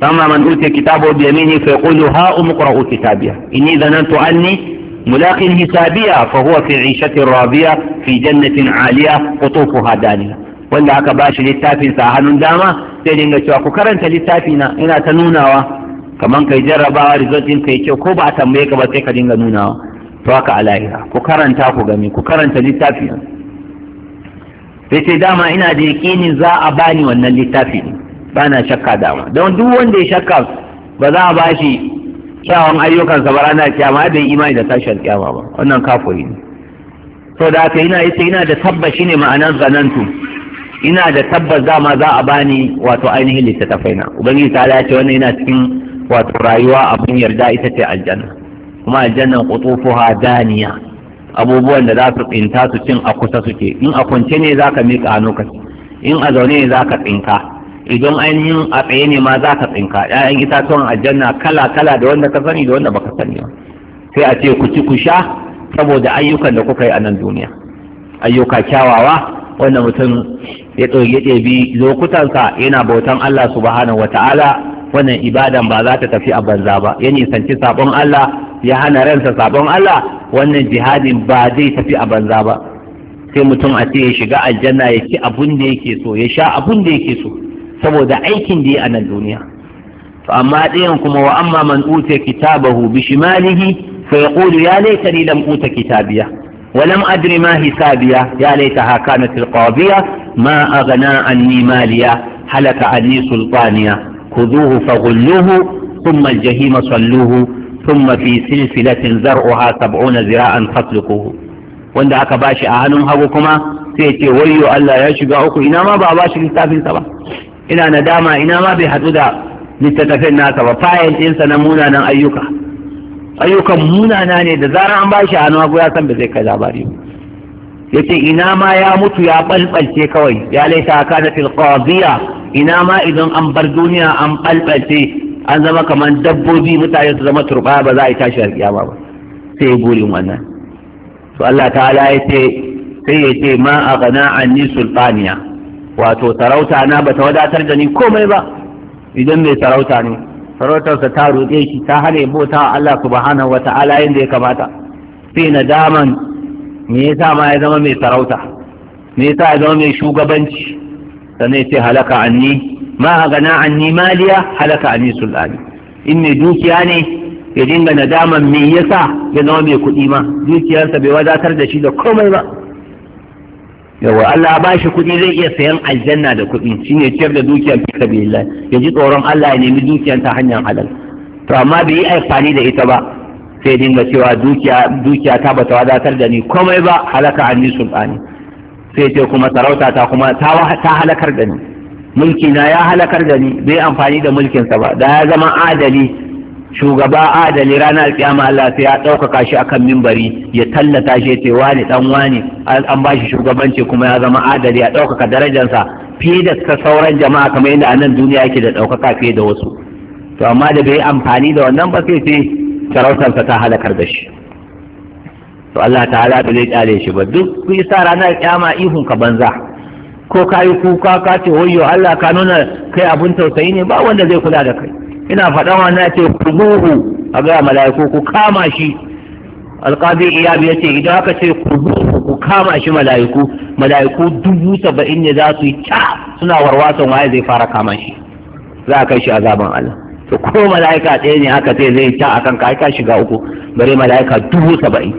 فأما من أوتي كتابه بيمينه فيقول ها أم اقرأوا كتابيه إني ظننت أني ملاق حسابية فهو في عيشة راضية في جنة عالية قطوفها دانية wanda aka bashi littafin sa hannun dama sai dinga cewa ku karanta littafi na ina ta nunawa kaman kai jarrabawa result din kai kyau ko ba a tambaye ka ba sai ka dinga nunawa to haka a lahira ku karanta ku gani ku karanta littafi sai ce dama ina da yaƙini za a bani wannan littafi ba na shakka dama don duk wanda ya shakka ba za a bashi kyawun ayyukansa ba ranar kyama bai imani da tashin kyama ba wannan kafuri ne to da haka ina ita ina da tabbas shine ma'anar zanantu ina da tabbas dama za a bani wato ainihin littattafai na ubangiji ta ce wannan yana cikin wato rayuwa abin yarda ita ce aljanna kuma aljannan qutufuha daniya abubuwan da za su tsinta su cin a kusa suke in a kwance ne za ka miƙa hannu ka in a zaune ne za ka tsinka idan ainihin a tsaye ne ma za ka tsinka ‘ya'yan itatuwan aljanna kala kala da wanda ka sani da wanda baka sani ba sai a ce ku ci ku sha saboda ayyukan da kuka yi a nan duniya ayyuka kyawawa wanda mutum ya ɗauke bi lokutansa yana bautan Allah subhanahu wa ta'ala wannan ibadan ba za ta tafi a banza ba ya nisanci sabon Allah ya hana ransa sabon Allah wannan jihadin ba zai tafi a banza ba sai mutum a ce ya shiga aljanna ya ci abun da yake so ya sha abun da yake so saboda aikin da ya a nan duniya to amma ɗayan kuma wa amma man uta kitabahu bi shimalihi fa yaqulu ya laitani lam uta kitabiya wa lam ولم أدر ما حسابية يا ليتها كانت القاضية ما أغنى عني مالية هلك عني سلطانية خذوه فغلوه ثم الجحيم صلوه ثم في سلسلة زرعها سبعون ذراعا فاسلكوه wanda aka bashi a hannun hagu kuma sai ce wayyo Allah ya shiga uku ina ma ba a bashi littafinsa ba ina nadama ina ma bai hadu da littattafin nasa ba fayil ɗinsa na munanan ayyuka ayyukan munana ne da zarar an bashi a hannun hagu ya san ba zai kai labari ya ce ina ma ya mutu ya ɓalɓalce kawai ya laita kana fil ina ma idan an bar duniya an ɓalɓalce an zama kamar dabbobi mutane su zama turba ba za a yi tashi alƙiyama ba sai burin wannan to Allah ta'ala ya ce sai ya ce ma a gana anni sultaniya wato sarauta na ba ta wadatar da ni komai ba idan mai sarauta ne sarautarsa ta roƙe shi ta hana bota Allah subhanahu wata'ala yadda ya kamata sai nadaman me yasa ma ya zama mai sarauta me yasa ya zama mai shugabanci sannan ya ce halaka anni ma gana an nimaliya halaka ani sulani in mai dukiya ne ya dinga nadaman me yasa ya zama mai kuɗi ma dukiyarsa bai wadatar da shi da komai ba yawa Allah ba shi kuɗi zai iya sayan aljanna da kuɗi shi ne ciyar da dukiyar fi sabilillah ya ji tsoron Allah ya nemi dukiyar ta hanyar halal to amma bai yi amfani da ita ba sai dinga cewa dukiya dukiya ta bata wadatar da ni komai ba halaka anni sultani sai ce kuma sarauta ta kuma ta halakar da ni mulki na ya halakar da ni bai amfani da mulkinsa ba da ya zama adali shugaba adali ranar alkiyama Allah sai ya ɗaukaka shi akan mimbari ya tallata shi ce wani dan wani an ba shi shugabanci kuma ya zama adali ya ɗaukaka darajarsa fiye da sauran jama'a kamar yadda anan duniya yake da ɗaukaka fiye da wasu to amma da bai amfani da wannan ba sai sai sarautarsa ta halakar da shi to Allah ta'ala bai zai kyale shi ba duk kuyi sa ranar kyama ihun ka banza ko ka yi kuka ka ce wayo Allah ka nuna kai abun tausayi ne ba wanda zai kula da kai ina faɗa na ce kuzuhu a ga mala'iku ku kama shi alqadi iyabi yace idan aka ce kuzuhu ku kama shi mala'iku mala'iku dubu saba'in ne za su yi ta suna warwasan waye zai fara kama shi za a kai shi azaban Allah to ko mala'ika ɗaya ne aka ce zai ta akan ka ka shiga uku bare mala'ika dubu saba'in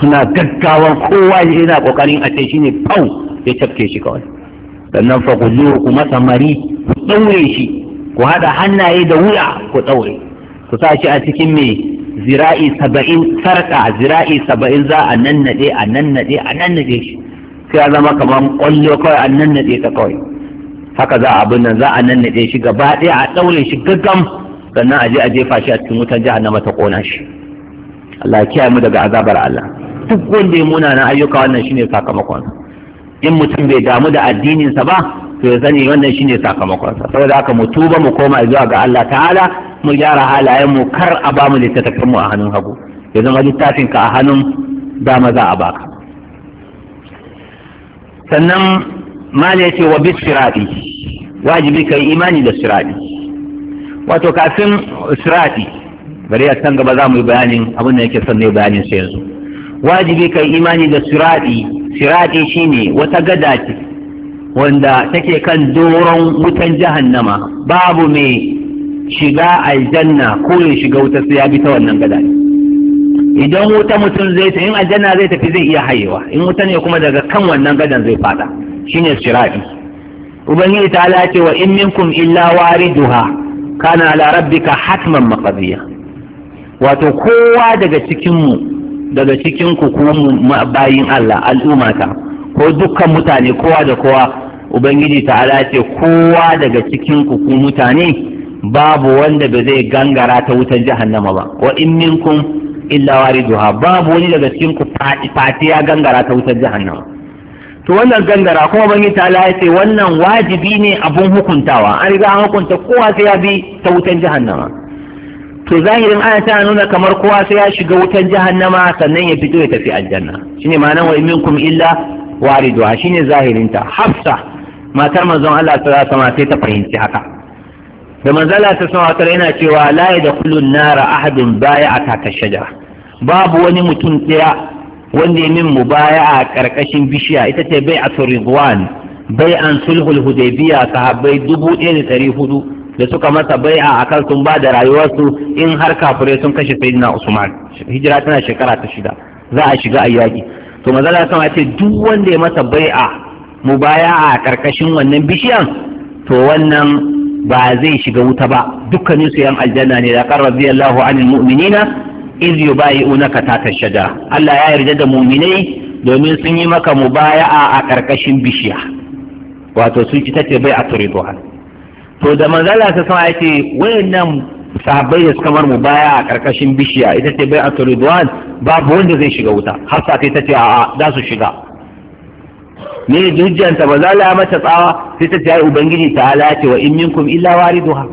suna gaggawa kowa yana kokarin a ce shine pau ya cafke shi kawai sannan fa zo ku masa mari ku ɗaure shi ku haɗa hannaye da wuya ku daure ku sa shi a cikin mai zira'i saba'in sarka zira'i saba'in za a naɗe a naɗe a naɗe shi sai ya zama kamar kwallo kawai a naɗe ta kawai haka za a abin nan za a naɗe shi gaba ɗaya a ɗaure shi gaggam sannan a je a jefa shi a cikin wutan jahannama ta ƙona shi Allah ya kiyaye mu daga azabar Allah duk wanda ya muna ayyuka wannan shine sakamakon in mutum bai damu da addininsa ba to ya sani wannan shine sakamakonsa saboda haka mu tuba mu koma zuwa ga Allah ta'ala mu gyara halayen mu kar a ba mu littattafan mu a hannun hagu ya zama littafin ka a hannun dama za a baka sannan mala yace wa bis sirati wajibi kai imani da sirati wato kafin sirati bari a san gaba za mu yi bayanin abin da yake son ne bayanin sai yanzu wajibi kai imani da sirati shi ne wata gada ce wanda take kan doron wutan jahannama babu mai shiga aljanna ko ya shiga wuta su ya bi ta wannan gada idan wuta mutum zai ta in aljanna zai tafi zai iya hayewa in wuta ne kuma daga kan wannan gadan zai fada shine shiraɗi ubangiji ta ce wa in minkum illa wariduha kana ala rabbika hatman maqdiya wato kowa daga cikin mu daga cikin ku kuma bayin Allah al'ummata ko dukkan mutane kowa da kowa ubangiji ta'ala ce kowa daga cikin ku ku mutane babu wanda ba zai gangara ta wutar jahannama ba wa in minkum illa wariduha babu wani daga cikin ku fati ya gangara ta wutar jahannama to wannan gangara kuma bangi ta'ala ya ce wannan wajibi ne abun hukuntawa an riga an hukunta kowa sai ya bi ta wutar jahannama to zahirin aya ta nuna kamar kowa sai ya shiga wutan jahannama sannan ya fito ya tafi aljanna shine ma'anar wa minkum illa wariduha shine zahirin ta hafsa matar manzon Allah ta sama sai ta fahimci haka da manzon Allah ta sama tare yana cewa la da kullun nara ahadun baya ta shajara babu wani mutum ɗaya wanda ya min a karkashin bishiya ita ce bai'atul bai an sulhul hudaybiya sahabbai dubu ɗaya da ɗari hudu da suka masa bai'a akan sun ba da rayuwarsu in har kafirai sun kashe na Usman hijira tana shekara ta shida za a shiga ayyaki to manzala sun ce duk wanda ya masa bai'a baya a karkashin wannan bishiyan to wannan ba zai shiga wuta ba dukkanin su yan aljanna ne da qar radiyallahu anil mu'minina iz yubayi'unaka tahta shada. Allah ya yarda da mu'minai domin sun yi maka mubaya'a a karkashin bishiya wato sun ci tace bai a turidwa to da manzala ta sama yake wayannan sahabbai da suka mar mu baya a karkashin bishiya ita ce bai ridwan babu wanda zai shiga wuta har sa kai ta ce a'a za su shiga me hujjanta ba za la mata tsawa sai ta ce ai ubangiji ta ce wa in minkum illa wariduha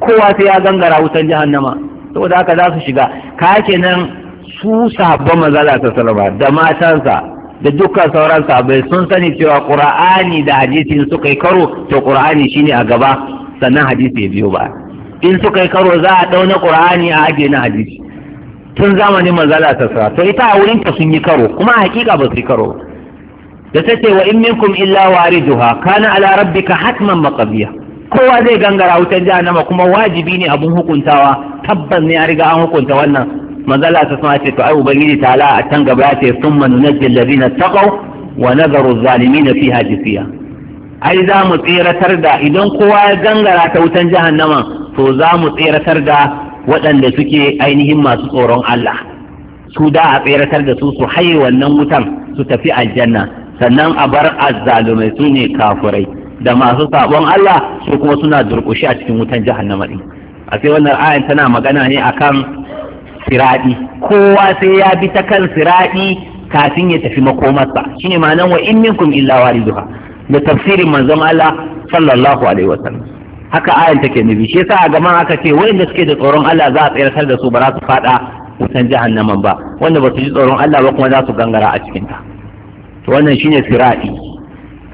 kowa sai ya gangara wutan jahannama saboda haka za su shiga ka kenan su sahabban manzala ta sallama da matansa da dukkan sauran sahabbai sun sani cewa qur'ani da hadisi suka yi karo to qur'ani shine a gaba sannan hadisi ya biyo ba in suka yi karo za a na ƙur'ani a ajiye na hadisi tun zamanin manzala ta sa to ita a wurin ta sun yi karo kuma a hakika ba su yi karo da ta ce wa in minkum illa wariduha kana ala rabbika hatman maqdiya kowa zai gangara wutar jahannama kuma wajibi ne abun hukuntawa tabbas ne a riga an hukunta wannan manzala ta sa ce to ai ubangiji ta ala a can gaba ya ce summa nunajjil ladina taqaw wa nadharu zalimin fi jisiya ai za mu tseratar da idan kowa ya gangara ta wutan jahannama to za mu tseratar da waɗanda suke ainihin masu tsoron Allah su da a tseratar da su su haye wannan wutan su tafi aljanna sannan a bar azzalumai su ne kafurai da masu sabon Allah su kuma suna durƙushi a cikin wutan jahannama din a sai wannan ayan tana magana ne akan siradi kowa sai ya bi ta kan siradi kafin ya tafi makomarsa shine ma'anar wa in minkum illa waliduha da tafsirin manzon Allah sallallahu alaihi wa wasallam haka ayan take nufi shi yasa a gaman aka ce wanda suke da tsoron Allah za a tsayar da su ba za su fada wutan jahannaman ba wanda ba su ji tsoron Allah ba kuma za su gangara a cikin ta to wannan shine sirati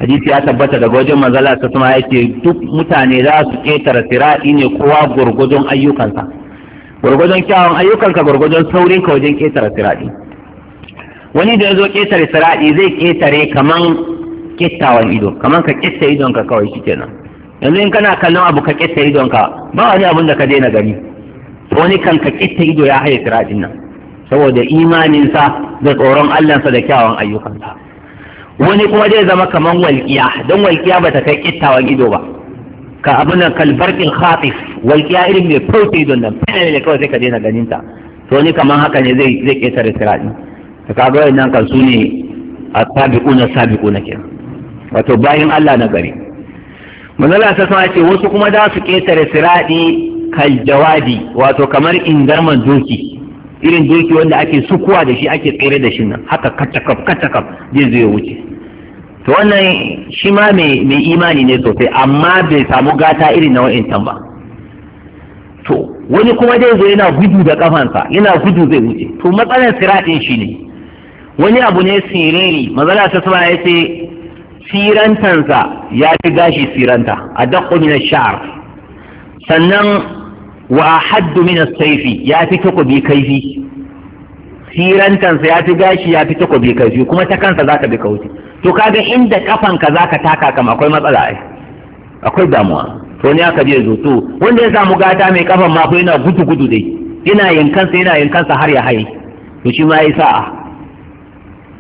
hadisi ya tabbata daga wajen manzala ta kuma yake duk mutane za su ketara sirati ne kowa gurgudun ayyukansa gurgudun kyawun ayyukanka gurgudun saurin ka wajen ketara sirati wani da ya zo ketare sirati zai ketare kaman kittawan ido kamar ka kitta idonka kawai kenan yanzu in kana kallon abu ka kitta idonka ba wani abun da ka daina gani wani kan ka kitta ido ya haye siratin nan saboda imaninsa da tsoron sa da kyawun ayyukansa wani kuma zai zama kamar walƙiya don walƙiya ba ta kai kittawan ido ba ka abin nan kalbarkin khatif walƙiya irin mai fauce idon nan fene ne kawai sai ka daina ganin ta to ni kamar haka ne zai zai ketare siratin ka kaga wannan kan su ne a kenan wato bayan Allah na gari manzala ta sama ce wasu kuma za su ketare siradi kal jawadi wato kamar ingarman doki irin doki wanda ake sukuwa da shi ake tsere da shi nan haka katakaf katakaf zai zo wuce to wannan shi ma mai imani ne sosai amma bai samu gata irin na wa'incan ba to wani kuma zai zo yana gudu da kafansa yana gudu zai wuce to matsalar siratin shi ne wani abu ne siriri mazala ta sama ya ce sirantansa ya fi gashi siranta a daƙo min sha'ar sannan wa haddu min saifi ya fi takobi kaifi sirantansa ya fi gashi ya fi takobi kaifi kuma ta kansa za ka bi kauti to kaga inda kafanka za ka taka kama akwai matsala ai akwai damuwa to ne aka biya zoto wanda ya samu gata mai kafan ma yana gudu gudu dai yana yankansa yana yankansa har ya haye to shi ma ya sa'a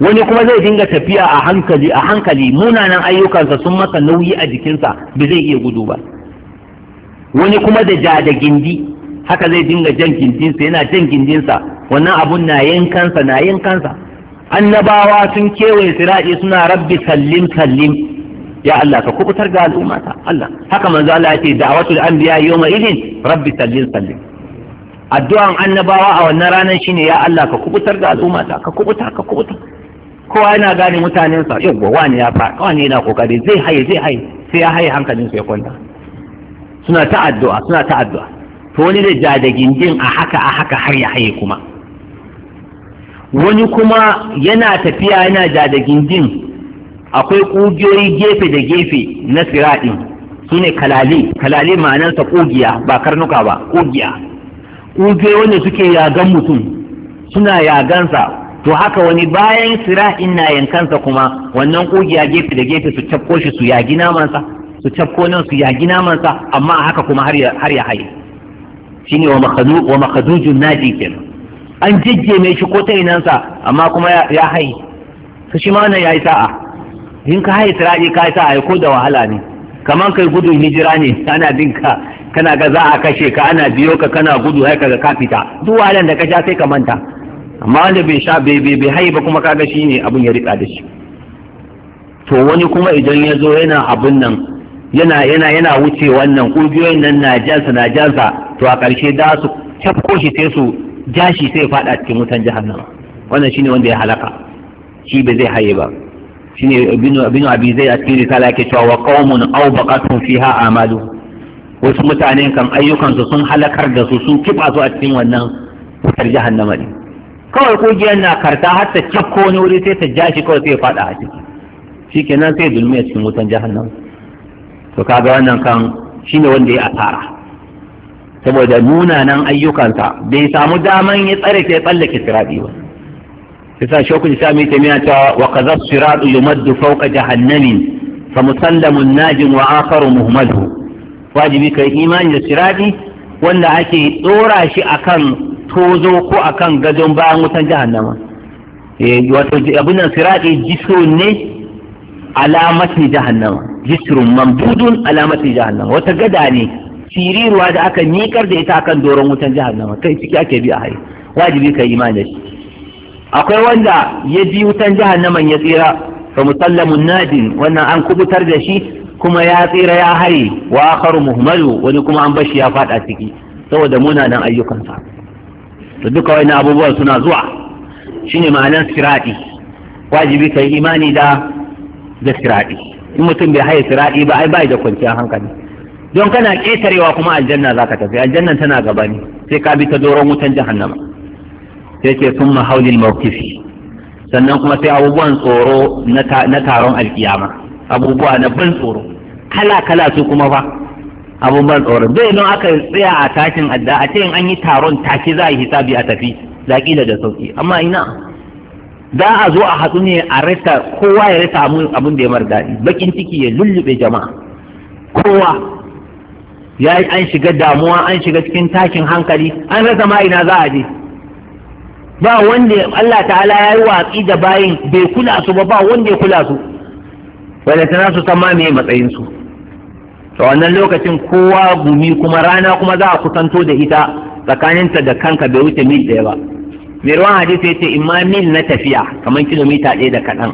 wani kuma zai dinga tafiya a hankali a hankali munanan ayyukansa sun masa nauyi a jikinsa ba zai iya gudu ba wani kuma da ja da gindi haka zai dinga jan gindinsa yana jan gindinsa wannan abun na yankansa na yankansa annabawa sun kewaye siraji suna rabbi sallim sallim ya Allah ka kubutar ga al'ummata Allah haka manzo Allah ya ce da'watul anbiya yawma idin rabbi sallim sallim addu'an annabawa a wannan ranar shine ya Allah ka kubutar ga al'ummata ka kubuta ka kubuta kowa yana gane mutanensa yawwa wani ya faɗi wani yana kokari zai haye zai haye sai ya haye hankalin su ya kwanta suna ta addu'a suna ta addu'a to wani zai ja da gindin a haka a haka har ya haye kuma wani kuma yana tafiya yana ja da gindin akwai kugiyoyi gefe da gefe na siraɗin su ne kalale kalale ma'anarsa kugiya ba karnuka ba kugiya kugiyoyi wanda suke yagan mutum suna yagansa to haka wani bayan sira'in na yankansa kuma wannan kugiya gefe da gefe su cafko shi su yagi namansa su cafko nan su yagi namansa amma a haka kuma har ya haye shi wa wa makadujin naji kenan an mai shi ko ta inansa amma kuma ya haye su shi mana ya yi sa'a in ka haye sira'i ka sa'a ko da wahala ne kamar kai gudun hijira ne ana bin ka kana ga za a kashe ka ana biyo ka kana gudu har ga ka fita duk wahalan da ka sha sai ka manta amma wanda bai sha bai bai haye ba kuma kaga shi ne abin ya riƙa da shi to wani kuma idan ya zo yana abin nan yana yana yana wuce wannan ƙungiyoyin nan na jansa na jansa to a ƙarshe da su tafko shi sai su ja shi sai faɗa cikin wutan jahannama wannan shine wanda ya halaka shi bai zai haye ba shine ibnu ibnu abi zai a cikin risala yake cewa wa qaumun aw baqatun fiha amalu wasu mutane kan ayyukansu sun halakar da su sun kifa su a cikin wannan wutar jahannama ne kawai kugiyar na karta har ta cakko wani wuri sai ta ja shi kawai sai faɗa a ciki nan sai dulmi a cikin wutan jahannan. to kaga wannan kan shi ne wanda ya asara saboda nan ayyukansa bai samu daman ya tsare sai tsallake sirabi ba yasa shokul islami ta miya ta wa kaza siradu yumaddu fawqa jahannami fa musallamun najim wa akharu muhmalu wajibi kai imani da sirabi wanda ake ɗora shi akan tozo ko akan gadon bayan wutan jahannama eh, wato abin nan sirati jiso ne alamati jahannama jisrun mamdudun alamati jahannama wata gada ne siriruwa da aka nikar da ita akan doron wutan jahannama kai ciki ake bi a haihu. wajibi kai imani da shi akwai wanda ya bi wutan jahannaman ya tsira fa musallamun nadin wannan an kubutar da shi kuma ya tsira ya haye wa akharu wani kuma an bashi ya faɗa ciki saboda munanan ayyukansa to duka wani abubuwan suna zuwa shine ma'anar siradi wajibi yi imani da da siraɗi in mutum bai haye siraɗi ba ai bai da kwanciyar hankali don kana ketarewa kuma aljanna ka tafi aljannan tana gaba ne sai ka bi ta doron wutan jahannama sai ce sun mahaulil mawkifi sannan kuma sai abubuwan tsoro na taron alkiyama abubuwa na ban tsoro kala kala su kuma fa Abin ban tsoron zai don aka tsaya a tashin adda a ce an yi taron take za a yi hisabi a tafi da kila da sauki amma ina za a zo a hatsu ne a rasa kowa ya rasa abin da ya mar daɗi bakin ciki ya lullube jama'a kowa ya an shiga damuwa an shiga cikin tashin hankali an rasa ma ina za a je ba wanda Allah ta'ala ya yi watsi da bayin bai kula su ba ba wanda ya kula su wanda tana su san ma me matsayin su to wannan lokacin kowa gumi kuma rana kuma za a kusanto da ita tsakaninta da kanka bai wuce mil ɗaya ba mai ruwan hadisi yace imma mil na tafiya kamar kilomita ɗaya da kaɗan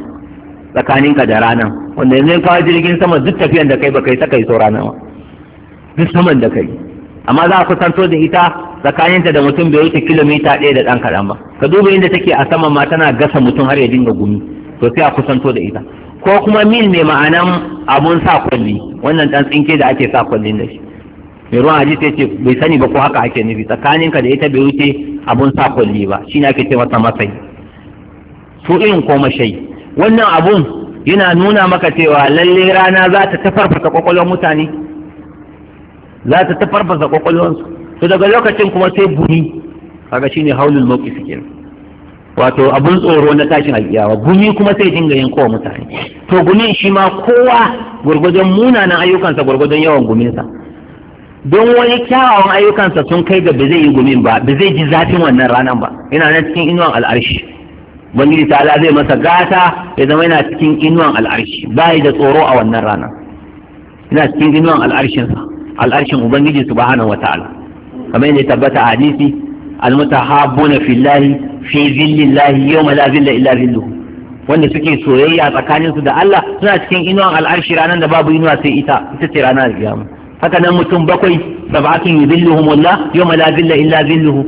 tsakaninka da ranan, wanda yanzu kawo jirgin sama duk tafiyan da kai ba kai saka iso rana ba duk saman da kai amma za a kusanto da ita tsakaninta da mutum bai wuce kilomita ɗaya da ɗan kaɗan ba ka duba inda take a saman ma tana gasa mutum har ya dinga gumi to sai a kusanto da ita ko kuma mil mai ma'anan abun sa kwalli wannan dan tsinke da ake sa kwalli da shi mai ruwan hadisi ce bai sani ba ko haka ake nufi tsakaninka da ita bai wuce abun sa kwalli ba shi ne ake ce masa masai su irin ko mashai wannan abun yana nuna maka cewa lalle rana za ta tafarfasa kwakwalwar mutane za ta tafarfasa kwakwalwarsu to daga lokacin kuma sai buni kaga shine haulul mawqif kenan wato abun tsoro na tashin alkiyawa gumi kuma sai dinga yin kowa mutane to gumin shi ma kowa gurgudun munanan ayyukansa gurgudun yawan guminsa don wani kyawawan ayyukansa sun kai ga ba zai yi gumin ba ba zai ji zafin wannan ranan ba yana nan cikin inuwan al'arshi ta ala zai masa gata ya zama yana cikin inuwan al'arshi ba da tsoro a wannan rana yana cikin inuwan al'arshinsa al'arshin ubangiji subhanahu wa ta'ala kamar yadda ya tabbata a hadisi almutahabbuna fillahi fi zillahi yawma la zilla illa zilluhu wanda suke soyayya tsakaninsu da Allah suna cikin inuwan al'arshi ranar da babu inuwa sai ita ita ce ranar kiyama haka nan mutum bakwai sab'atun yuzilluhumullah yawma la zilla illa zilluhu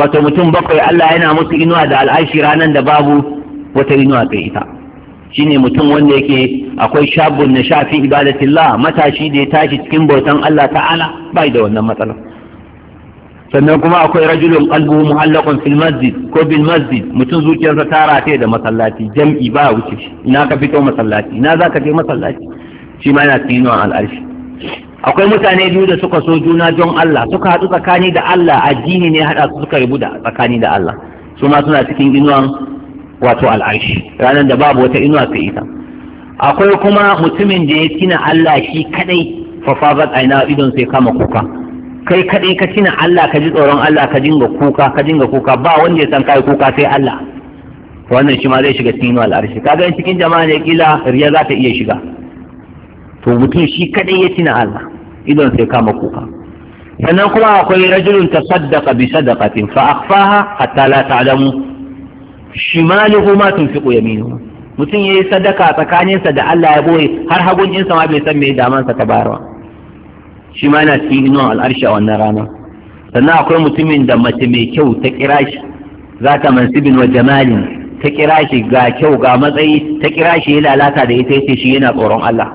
wato mutum bakwai Allah yana musu inuwa da al'arshi ranar da babu wata inuwa sai ita shine mutum wanda yake akwai shabun na shafi ibadatillah matashi da ya tashi cikin bautan Allah ta'ala bai da wannan matsalar sannan kuma akwai rajulun qalbuhu muhallaqun fil masjid ko bil masjid mutum zuciyarsa ta rataye da masallaci jam'i ba wuce shi ina ka fito masallaci ina ka je masallaci shi ma yana cikin yawan al'arshi akwai mutane biyu da suka so juna don Allah suka haɗu tsakani da Allah addini ne haɗa su suka rubu da tsakani da Allah su ma suna cikin inuwan wato al'arshi ranar da babu wata inuwa sai ita akwai kuma mutumin da ya tina Allah shi kadai fa fazat aina idon sai kama kuka kai kaɗai ka cina Allah ka ji tsoron Allah ka dinga kuka ka dinga kuka ba wanda ya san kai kuka sai Allah wannan shi ma zai shiga cikin al'arshi kaga cikin jama'a ne kila riya za ta iya shiga to mutum shi kaɗai ya cina Allah idon sai kama kuka sannan kuma akwai rajulun tasaddaqa bi sadaqatin fa akhfaha hatta la ta'lamu shimaluhu ma tunfiqu yaminuhu mutum yayi sadaka tsakaninsa da Allah ya boye har hagun insa ma bai san me damansa ta bayarwa shi ma yana cikin inuwan al'arshi a wannan rana sannan akwai mutumin da mace mai kyau ta kira shi za ta mansibin wa jamalin ta kira shi ga kyau ga matsayi ta kira shi ya lalata da ita yace shi yana tsoron Allah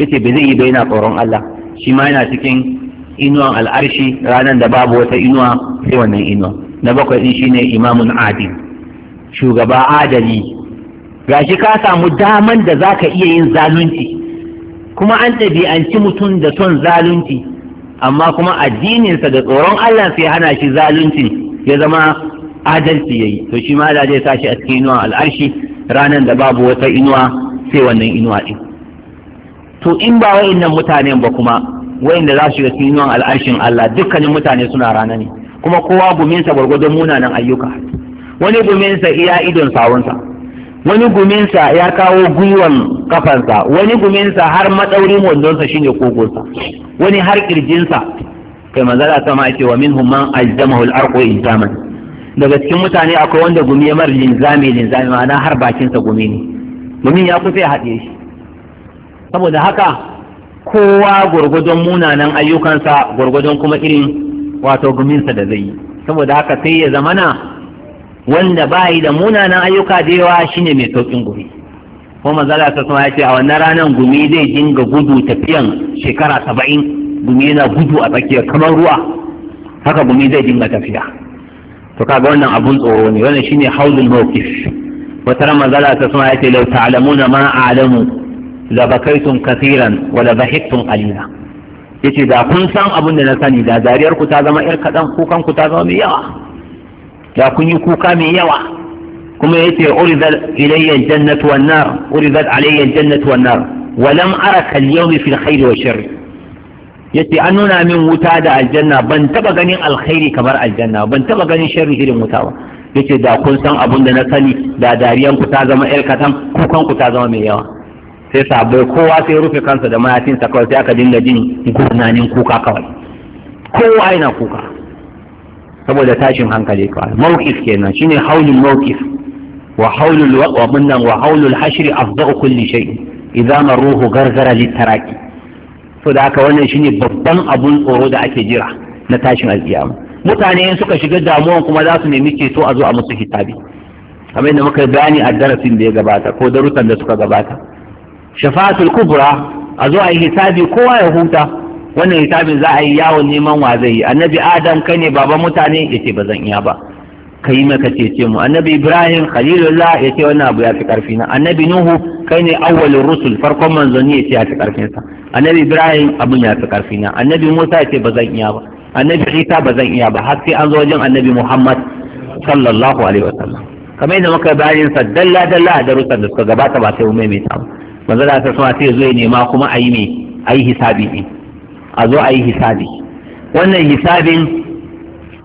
yace ba zai yi ba yana tsoron Allah shi ma yana cikin inuwan al'arshi ranar da babu wata inuwa sai wannan inuwa na bakwai din shine imamun adil shugaba adali gashi ka samu daman da zaka iya yin zalunci kuma an ɗabi'anci mutum da son zalunci amma kuma addininsa da tsoron Allah sai hana shi zalunci ya zama adalci yayi to shi ma da zai sa a cikin inuwa al'arshi ranan da babu wata inuwa sai wannan inuwa din to in ba nan mutanen ba kuma da za su shiga cikin inuwan al'arshin Allah dukkanin mutane suna rana ne kuma kowa guminsa gwargwadon munanan ayyuka wani guminsa iya idon sawunsa wani guminsa ya kawo gwiwan kafansa wani guminsa har maɗaurin wandonsa shine kogonsa wani har kirjinsa kai manzala sama ce wa minhum man aljamahu al-arqu intaman daga cikin mutane akwai wanda gumi ya mar linzami linzami ma'ana har bakinsa gumi ne gumin ya kusa ya haɗe shi saboda haka kowa gwargwadon munanan ayyukansa gwargwadon kuma irin wato guminsa da zai yi saboda haka sai ya zamana wanda ba yi da munanan ayyuka da yawa shine mai saukin gumi ko manzala ta sama ya ce a wannan ranar gumi zai dinga gudu tafiyan shekara saba'in gumi yana gudu a tsakiya kamar ruwa haka gumi zai dinga tafiya to kaga wannan abun tsoro ne wannan shine hauzul mawqif wata ran manzala ta sama ya ce law ta'lamuna ma a'lamu la bakaytum kathiran wa la dhahiktum qalila yace da kun san abun da na sani da dariyar ku ta zama yar kadan kukan ku ta zama mai yawa da kun yi kuka mai yawa kuma yace uridat ilayya aljannatu wan nar uridat alayya aljannatu wan nar wa lam ara al-yawma fi al wa sharr yace an nuna min wuta da aljanna ban taba ganin alkhairi kamar aljanna ban taba ganin sharri irin wuta ba yace da kun san abun da na sani da dariyan ku ta zama yar katan kukan ku ta zama mai yawa sai sabai kowa sai rufe kansa da mayafinsa kawai sai aka dinga jin gurnanin kuka kawai kowa yana kuka saboda tashin hankali kawai mawqif kenan shine haulul mawqif wa haulul wa bunnan wa haulul hashri afdau kulli shay idza gargara litaraki so da haka wannan shine babban abun tsoro da ake jira na tashin alkiyama mutane in suka shiga damuwan kuma za su nemi ceto a zo a musu hitabi. kamar yadda muka bayani a darasin da ya gabata ko darussan da suka gabata shafa'atul kubra a zo a yi hisabi kowa ya huta wannan hisabin za a yi yawon neman wa zai yi annabi adam kai ne baban mutane ya ce ba zan iya ba ka yi maka cece mu annabi ibrahim khalilullah ya ce wannan abu ya fi karfi na annabi nuhu kai ne awwalin rusul farkon manzanni ya ce ya fi karfin sa annabi ibrahim abun ya fi karfi na annabi musa ya ce ba zan iya ba annabi isa ba zan iya ba har sai an zo wajen annabi muhammad sallallahu alaihi wasallam kamar yadda muka bayanin sa dalla dalla da darussan da suka gabata ba sai mu maimaita ba manzo da sai zo ya nema kuma a yi me a yi hisabi ne a zo a yi hisabi wannan hisabin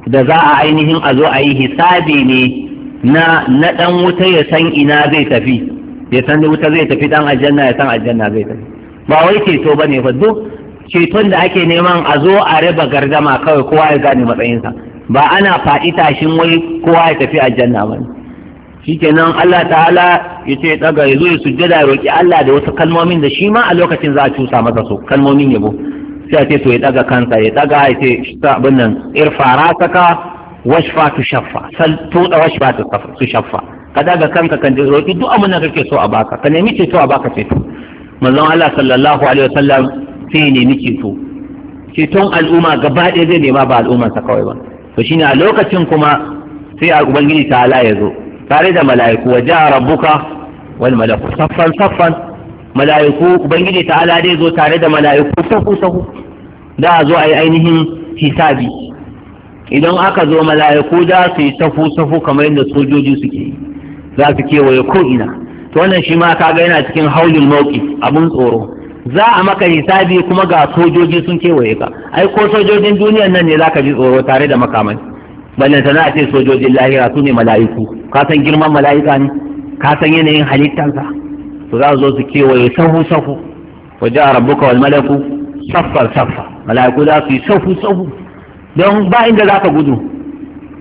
da za a ainihin a zo a yi hisabi ne na na ɗan wuta ya san ina zai tafi ya san wuta zai tafi ɗan aljanna ya san aljanna zai tafi ba wai ceto ba ne ba duk ceton da ake neman a zo a raba gardama kawai kowa ya gane matsayinsa ba ana faɗi tashin wai kowa ya tafi aljanna ba shikenan Allah ta'ala ya ce daga ya zo ya sujjada roki Allah da wasu kalmomin da shi ma a lokacin za a cusa masa su kalmomin yabo sai a ce to ya daga kansa ya daga ya ce abin nan irfara saka washfa tu shaffa sal tuda washfa tu shaffa ka daga kanka kan roki duk abin da kake so a baka ka nemi ce ceto a baka ceto manzon Allah sallallahu alaihi wasallam sai ya nemi ceto ceton al'umma gaba ɗaya zai nema ba al'ummarsa kawai ba to shine a lokacin kuma sai a ubangiji ta ala ya zo tare da mala'iku wa ja'a rabbuka wal malaku saffan saffan mala'iku ubangiji ta'ala dai zo tare da mala'iku sahu sahu da a zo a yi ainihin hisabi idan aka zo mala'iku da su yi sahu sahu kamar yadda sojoji suke za su kewaye ko ina to wannan shi ma kaga yana cikin haulin mauki abun tsoro za a maka hisabi kuma ga sojoji sun kewaye ka ai ko sojojin duniyan nan ne za ka ji tsoro tare da makamai sana a ce sojojin lahira su ne mala'iku ka san girman mala'ika ne ka san yanayin halittansa to za su zo su kewaye sahu sahu wa ja rabbuka wal malaku saffar saffa malaku za su yi sahu sahu don ba inda za ka gudu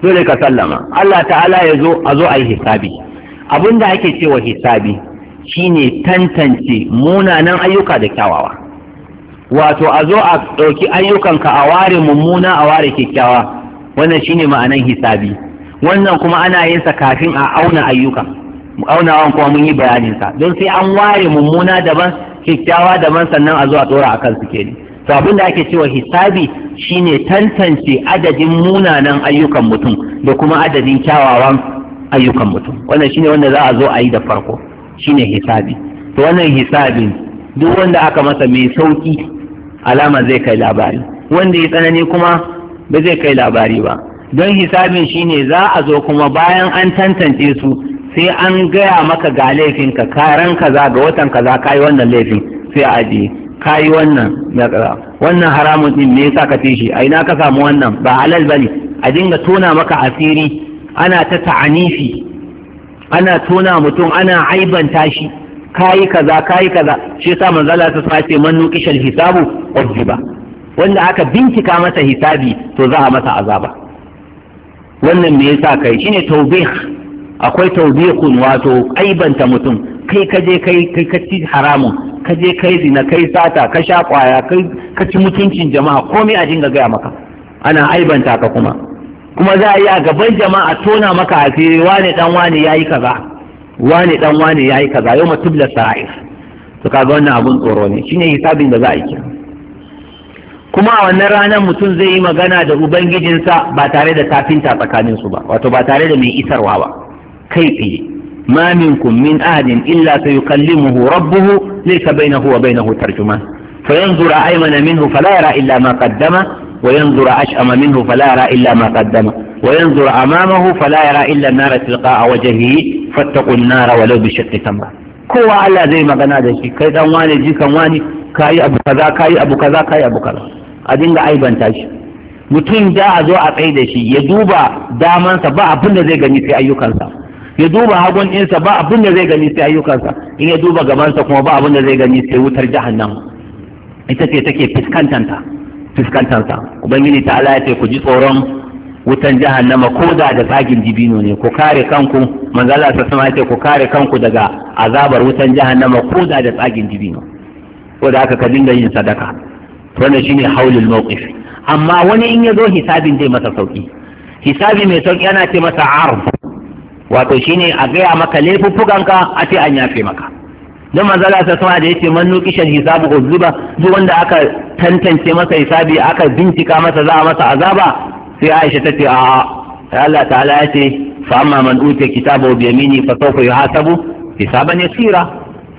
dole ka sallama Allah ta'ala ya zo a zo a yi hisabi abinda ake cewa hisabi shine tantance munanan ayyuka da kyawawa wato a zo a ɗauki ayyukanka a ware mummuna a ware kyakkyawa wannan shine ma'anan hisabi wannan kuma ana yin sa kafin a auna ayyuka aunawan kuma mun yi bayanin sa don sai an ware mummuna daban kyakkyawa daban sannan a zo a tsora akan su ni. to abin da ake cewa hisabi shine tantance adadin munanan ayyukan mutum da kuma adadin kyawawan ayyukan mutum wannan shine wanda za a zo a yi da farko shine hisabi to wannan hisabin duk wanda aka masa mai sauki alama zai kai labari wanda ya tsanani kuma ba zai kai labari ba don hisabin shine za a zo kuma bayan an tantance su sai an gaya maka ga laifin ka kaza ga watan kaza kai wannan laifin sai a ka yi wannan ya wannan haramun din me yasa ka shi? a ina ka samu wannan ba halal bane a dinga tona maka asiri ana ta ta'anifi ana tona mutum ana aibanta shi kayi kaza kayi kaza shi yasa manzala ta sace man nuqishal hisabu wajiba wanda aka bincika masa hisabi to za a masa azaba wannan me yasa kai shine tawbih akwai tawbiqun wato aibanta mutum kai ka je kai kai ka ci haramun ka je kai zina kai sata ka sha kwaya kai ka ci mutuncin jama'a komai a dinga gaya maka ana aibanta ka kuma kuma za a yi a gaban jama'a tona maka a fere wane dan wane yayi kaza wane dan wane yayi kaza yau matubla sa'ir to kaga wannan abun tsoro ne shine hisabin da za a yi kuma a wannan ranar mutum zai yi magana da ubangijinsa ba tare da tafinta tsakaninsu ba wato ba tare da mai isarwa ba kai tsaye ma minkum min ahadin illa sayukallimuhu rabbuhu laysa bainahu wa bainahu tarjuma fa yanzura aymana minhu fala yara illa ma qaddama wa yanzura ashama minhu fala yara illa ma qaddama wa yanzura amamahu fala yara illa nara tilqa'a wajhihi fattaqun nara walau bi shaqqi tamra kowa Allah zai magana da shi kai dan wani ji kan wani kai abu kaza kai abu kaza kai abu kaza a dinga aibanta shi mutum da a zo a tsaye da shi ya duba damansa ba abin zai gani sai ayyukansa ya duba hagun ɗinsa ba abin da zai gani sai ayyukansa in ya duba gabansa kuma ba abin da zai gani sai wutar jahannan. ita ce take fuskantanta fuskantansa ubangiji ta ala ya ce ku ji tsoron wutan jahannama ko da da tsagin dibino ne ku kare kanku manzala sa sama ce ku kare kanku daga azabar wutan jahannama ko da da tsagin dibino ko da aka ka dinga yin sadaka wannan shine haulul mawqif amma wani in ya zo hisabin zai masa sauki hisabi mai sauki ana ce masa arf wato shine a gaya maka laifuffukanka a ce an yafe maka don manzala ta sama da yace man nuki shan hisabu uzuba duk wanda aka tantance masa hisabi aka bincika masa za a masa azaba sai Aisha ta ce a Allah ta'ala ya ce fa amma man utiya kitabahu bi yamini fa sawfa yuhasabu hisaban yasira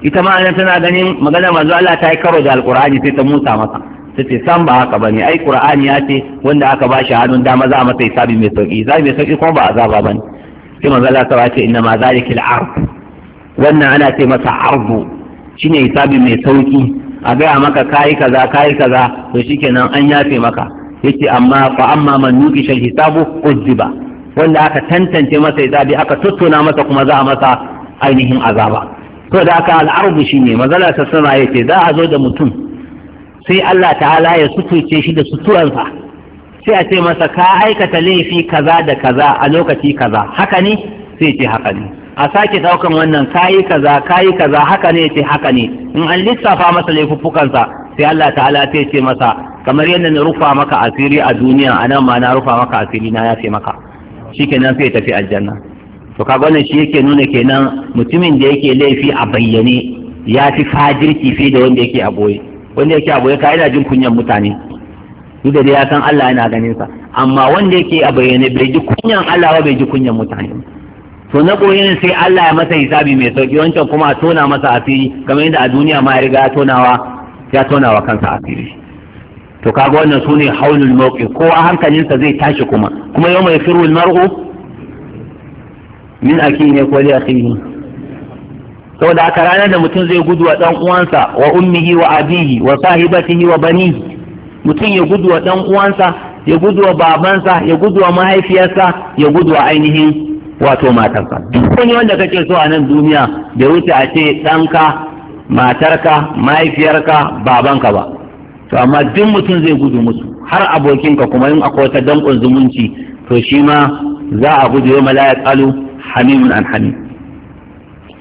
ita ma nan tana ganin magana manzo Allah ta yi karo da alqur'ani sai ta musa masa ta ce san ba haka bane ai qur'ani ya ce wanda aka ba shi hannun dama za a masa hisabi mai sauki hisabi mai sauki kuma ba azaba bane sai manzo Allah ta ce inna ma zalikal al-ard wannan ana ce masa ardu shine hisabi mai sauki a gaya maka kayi kaza kayi kaza to shikenan an yafe maka yace amma fa amma man shal hisabu uzziba wanda aka tantance masa hisabi aka tattauna masa kuma za a masa ainihin azaba to da aka al'arbu shine mazala ta sana yace za a zo da mutum sai Allah ta'ala ya sutuce shi da suturansa sai a ce masa ka aikata laifi kaza da kaza a lokaci kaza haka ne sai ce haka ne a sake daukan wannan kayi kaza kayi kaza haka ne ce haka ne in an lissafa masa laifuffukansa sai Allah ta'ala sai ce masa kamar yadda na rufa maka asiri a duniya anan ma na rufa maka asiri na yafe maka shikenan sai tafi aljanna to kaga wannan shi yake nuna kenan mutumin da yake laifi a bayyane ya fi fajirki fi da wanda yake a wanda yake a ka yana jin kunyan mutane duk da ya san Allah yana ganin sa amma wanda yake a bayyane bai ji kunyan Allah ba bai ji kunyan mutane to na koyi sai Allah ya masa hisabi mai sauki wancan kuma a tona masa asiri kamar yadda a duniya ma ya riga ya tonawa ya tonawa kansa asiri to kaga wannan sune haulul mawqi a hankalinsa zai tashi kuma kuma yau mai firul mar'u min aki ne ko li akhihi saboda haka ranar da mutum zai gudu wa dan uwansa wa ummihi wa abihi wa sahibatihi wa banihi mutum ya gudu wa ɗan uwansa ya gudu wa babansa ya gudu wa mahaifiyarsa ya gudu wa ainihin wato matarsa duk wani wanda kake so a nan duniya bai wuce a ce ɗanka matarka mahaifiyarka babanka ba to amma duk mutum zai gudu musu har abokinka kuma in akwai wata danƙon zumunci to shi ma za a gudu yau mala ya tsalu hamimun an hamim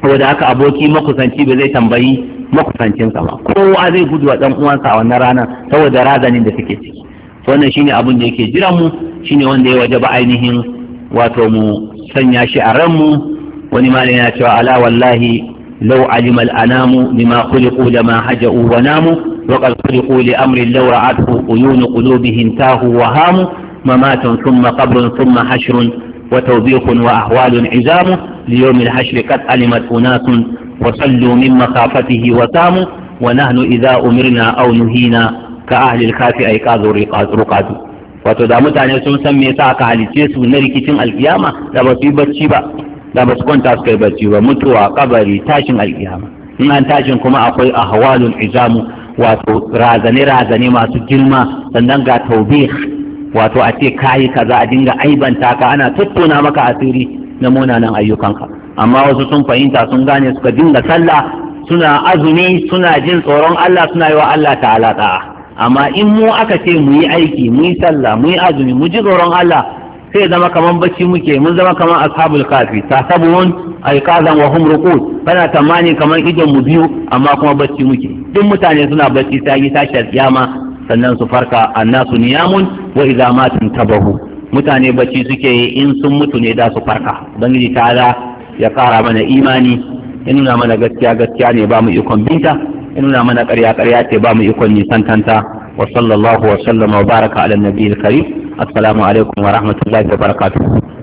saboda haka aboki makusanci ba zai tambayi makusancinsa ba kowa zai gudu wa dan uwansa a wannan rana saboda razanin da suke ciki to wannan shine abin da yake jiran mu shine wanda ya wajaba ainihin wato mu sanya shi a ranmu wani malami yana cewa ala wallahi لو علم الأنام لما خلقوا لما هجأوا وناموا وقد خلقوا لأمر لو رعته عيون قلوبهم تاهوا وهاموا ممات ثم قبر ثم حشر وتوبيخ وأهوال عزام ليوم الحشر قد علمت أناس وصلوا من مخافته وساموا ونحن إذا أمرنا أو نهينا كأهل الكاف أي رقاد wato da mutane sun san me yasa aka halice su na rikicin alkiyama da ba su yi bacci ba da ba su kwanta su kai bacci ba mutuwa kabari tashin alkiyama in an tashin kuma akwai ahwalun izamu wato razane razane masu girma sannan ga taubih wato a ce kayi kaza a dinga aibanta ka ana tattauna maka asiri na munanan ayyukanka amma wasu sun fahimta sun gane suka dinga sallah suna azumi suna jin tsoron Allah suna yi wa Allah ta'ala ta'a amma in mu aka ce mu yi aiki mu yi sallah mu yi azumi mu ji tsoron Allah sai zama kamar bacci muke mun zama kaman ashabul kafi tasabun aikazan wa hum ruqud kana tamani kaman idon mu biyu amma kuma bacci muke duk mutane suna bacci sai yi tashi kiyama sannan su farka annasu niyamun wa idza tabahu mutane bacci suke yi in sun mutu ne da su farka ta ta'ala ya kara mana imani ya nuna mana gaskiya gaskiya ne ba mu ikon binta ya nuna mana ƙarya ƙarya ce ba mu ikon nisantanta wa sallallahu wa sallama wa baraka ala nabiyil karim assalamu alaikum wa rahmatullahi wa barakatuh